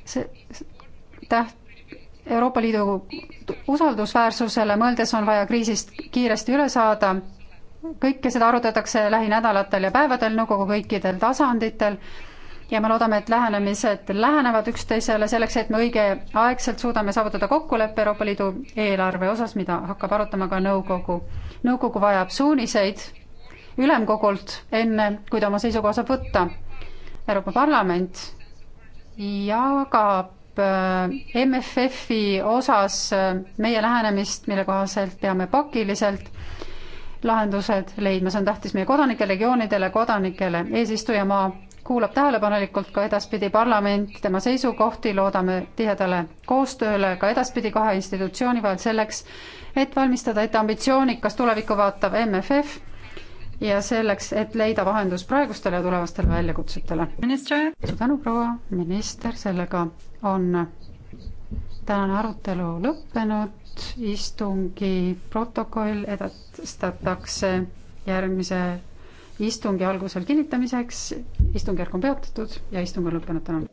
see täht-, Euroopa Liidu usaldusväärsusele mõeldes on vaja kriisist kiiresti üle saada, kõike seda arutatakse lähinädalatel ja päevadel nõukogu kõikidel tasanditel ja me loodame, et lähenemised lähenevad üksteisele selleks, et me õigeaegselt suudame saavutada kokkuleppe Euroopa Liidu eelarve osas, mida hakkab arutama ka nõukogu. nõukogu vajab suuniseid ülemkogult, enne kui ta oma seisukoha saab võtta. Euroopa Parlament jagab äh, MFF-i osas äh, meie lähenemist, mille kohaselt peame pakiliselt lahendused leidma, see on tähtis meie kodanike, regioonidele, kodanikele, eesistujamaa kuulab tähelepanelikult ka edaspidi parlament tema seisukohti, loodame tihedale koostööle ka edaspidi kahe institutsiooni vahel selleks, et valmistada ette ambitsioonikas tulevikku vaatav MFF ja selleks, et leida vahendus praegustele ja tulevastele väljakutsetele. suur tänu, proua minister, sellega on tänane arutelu lõppenud, istungi protokoll edastatakse järgmise istungi algusel kinnitamiseks. istungjärk on peatatud ja istung on lõppenud täna.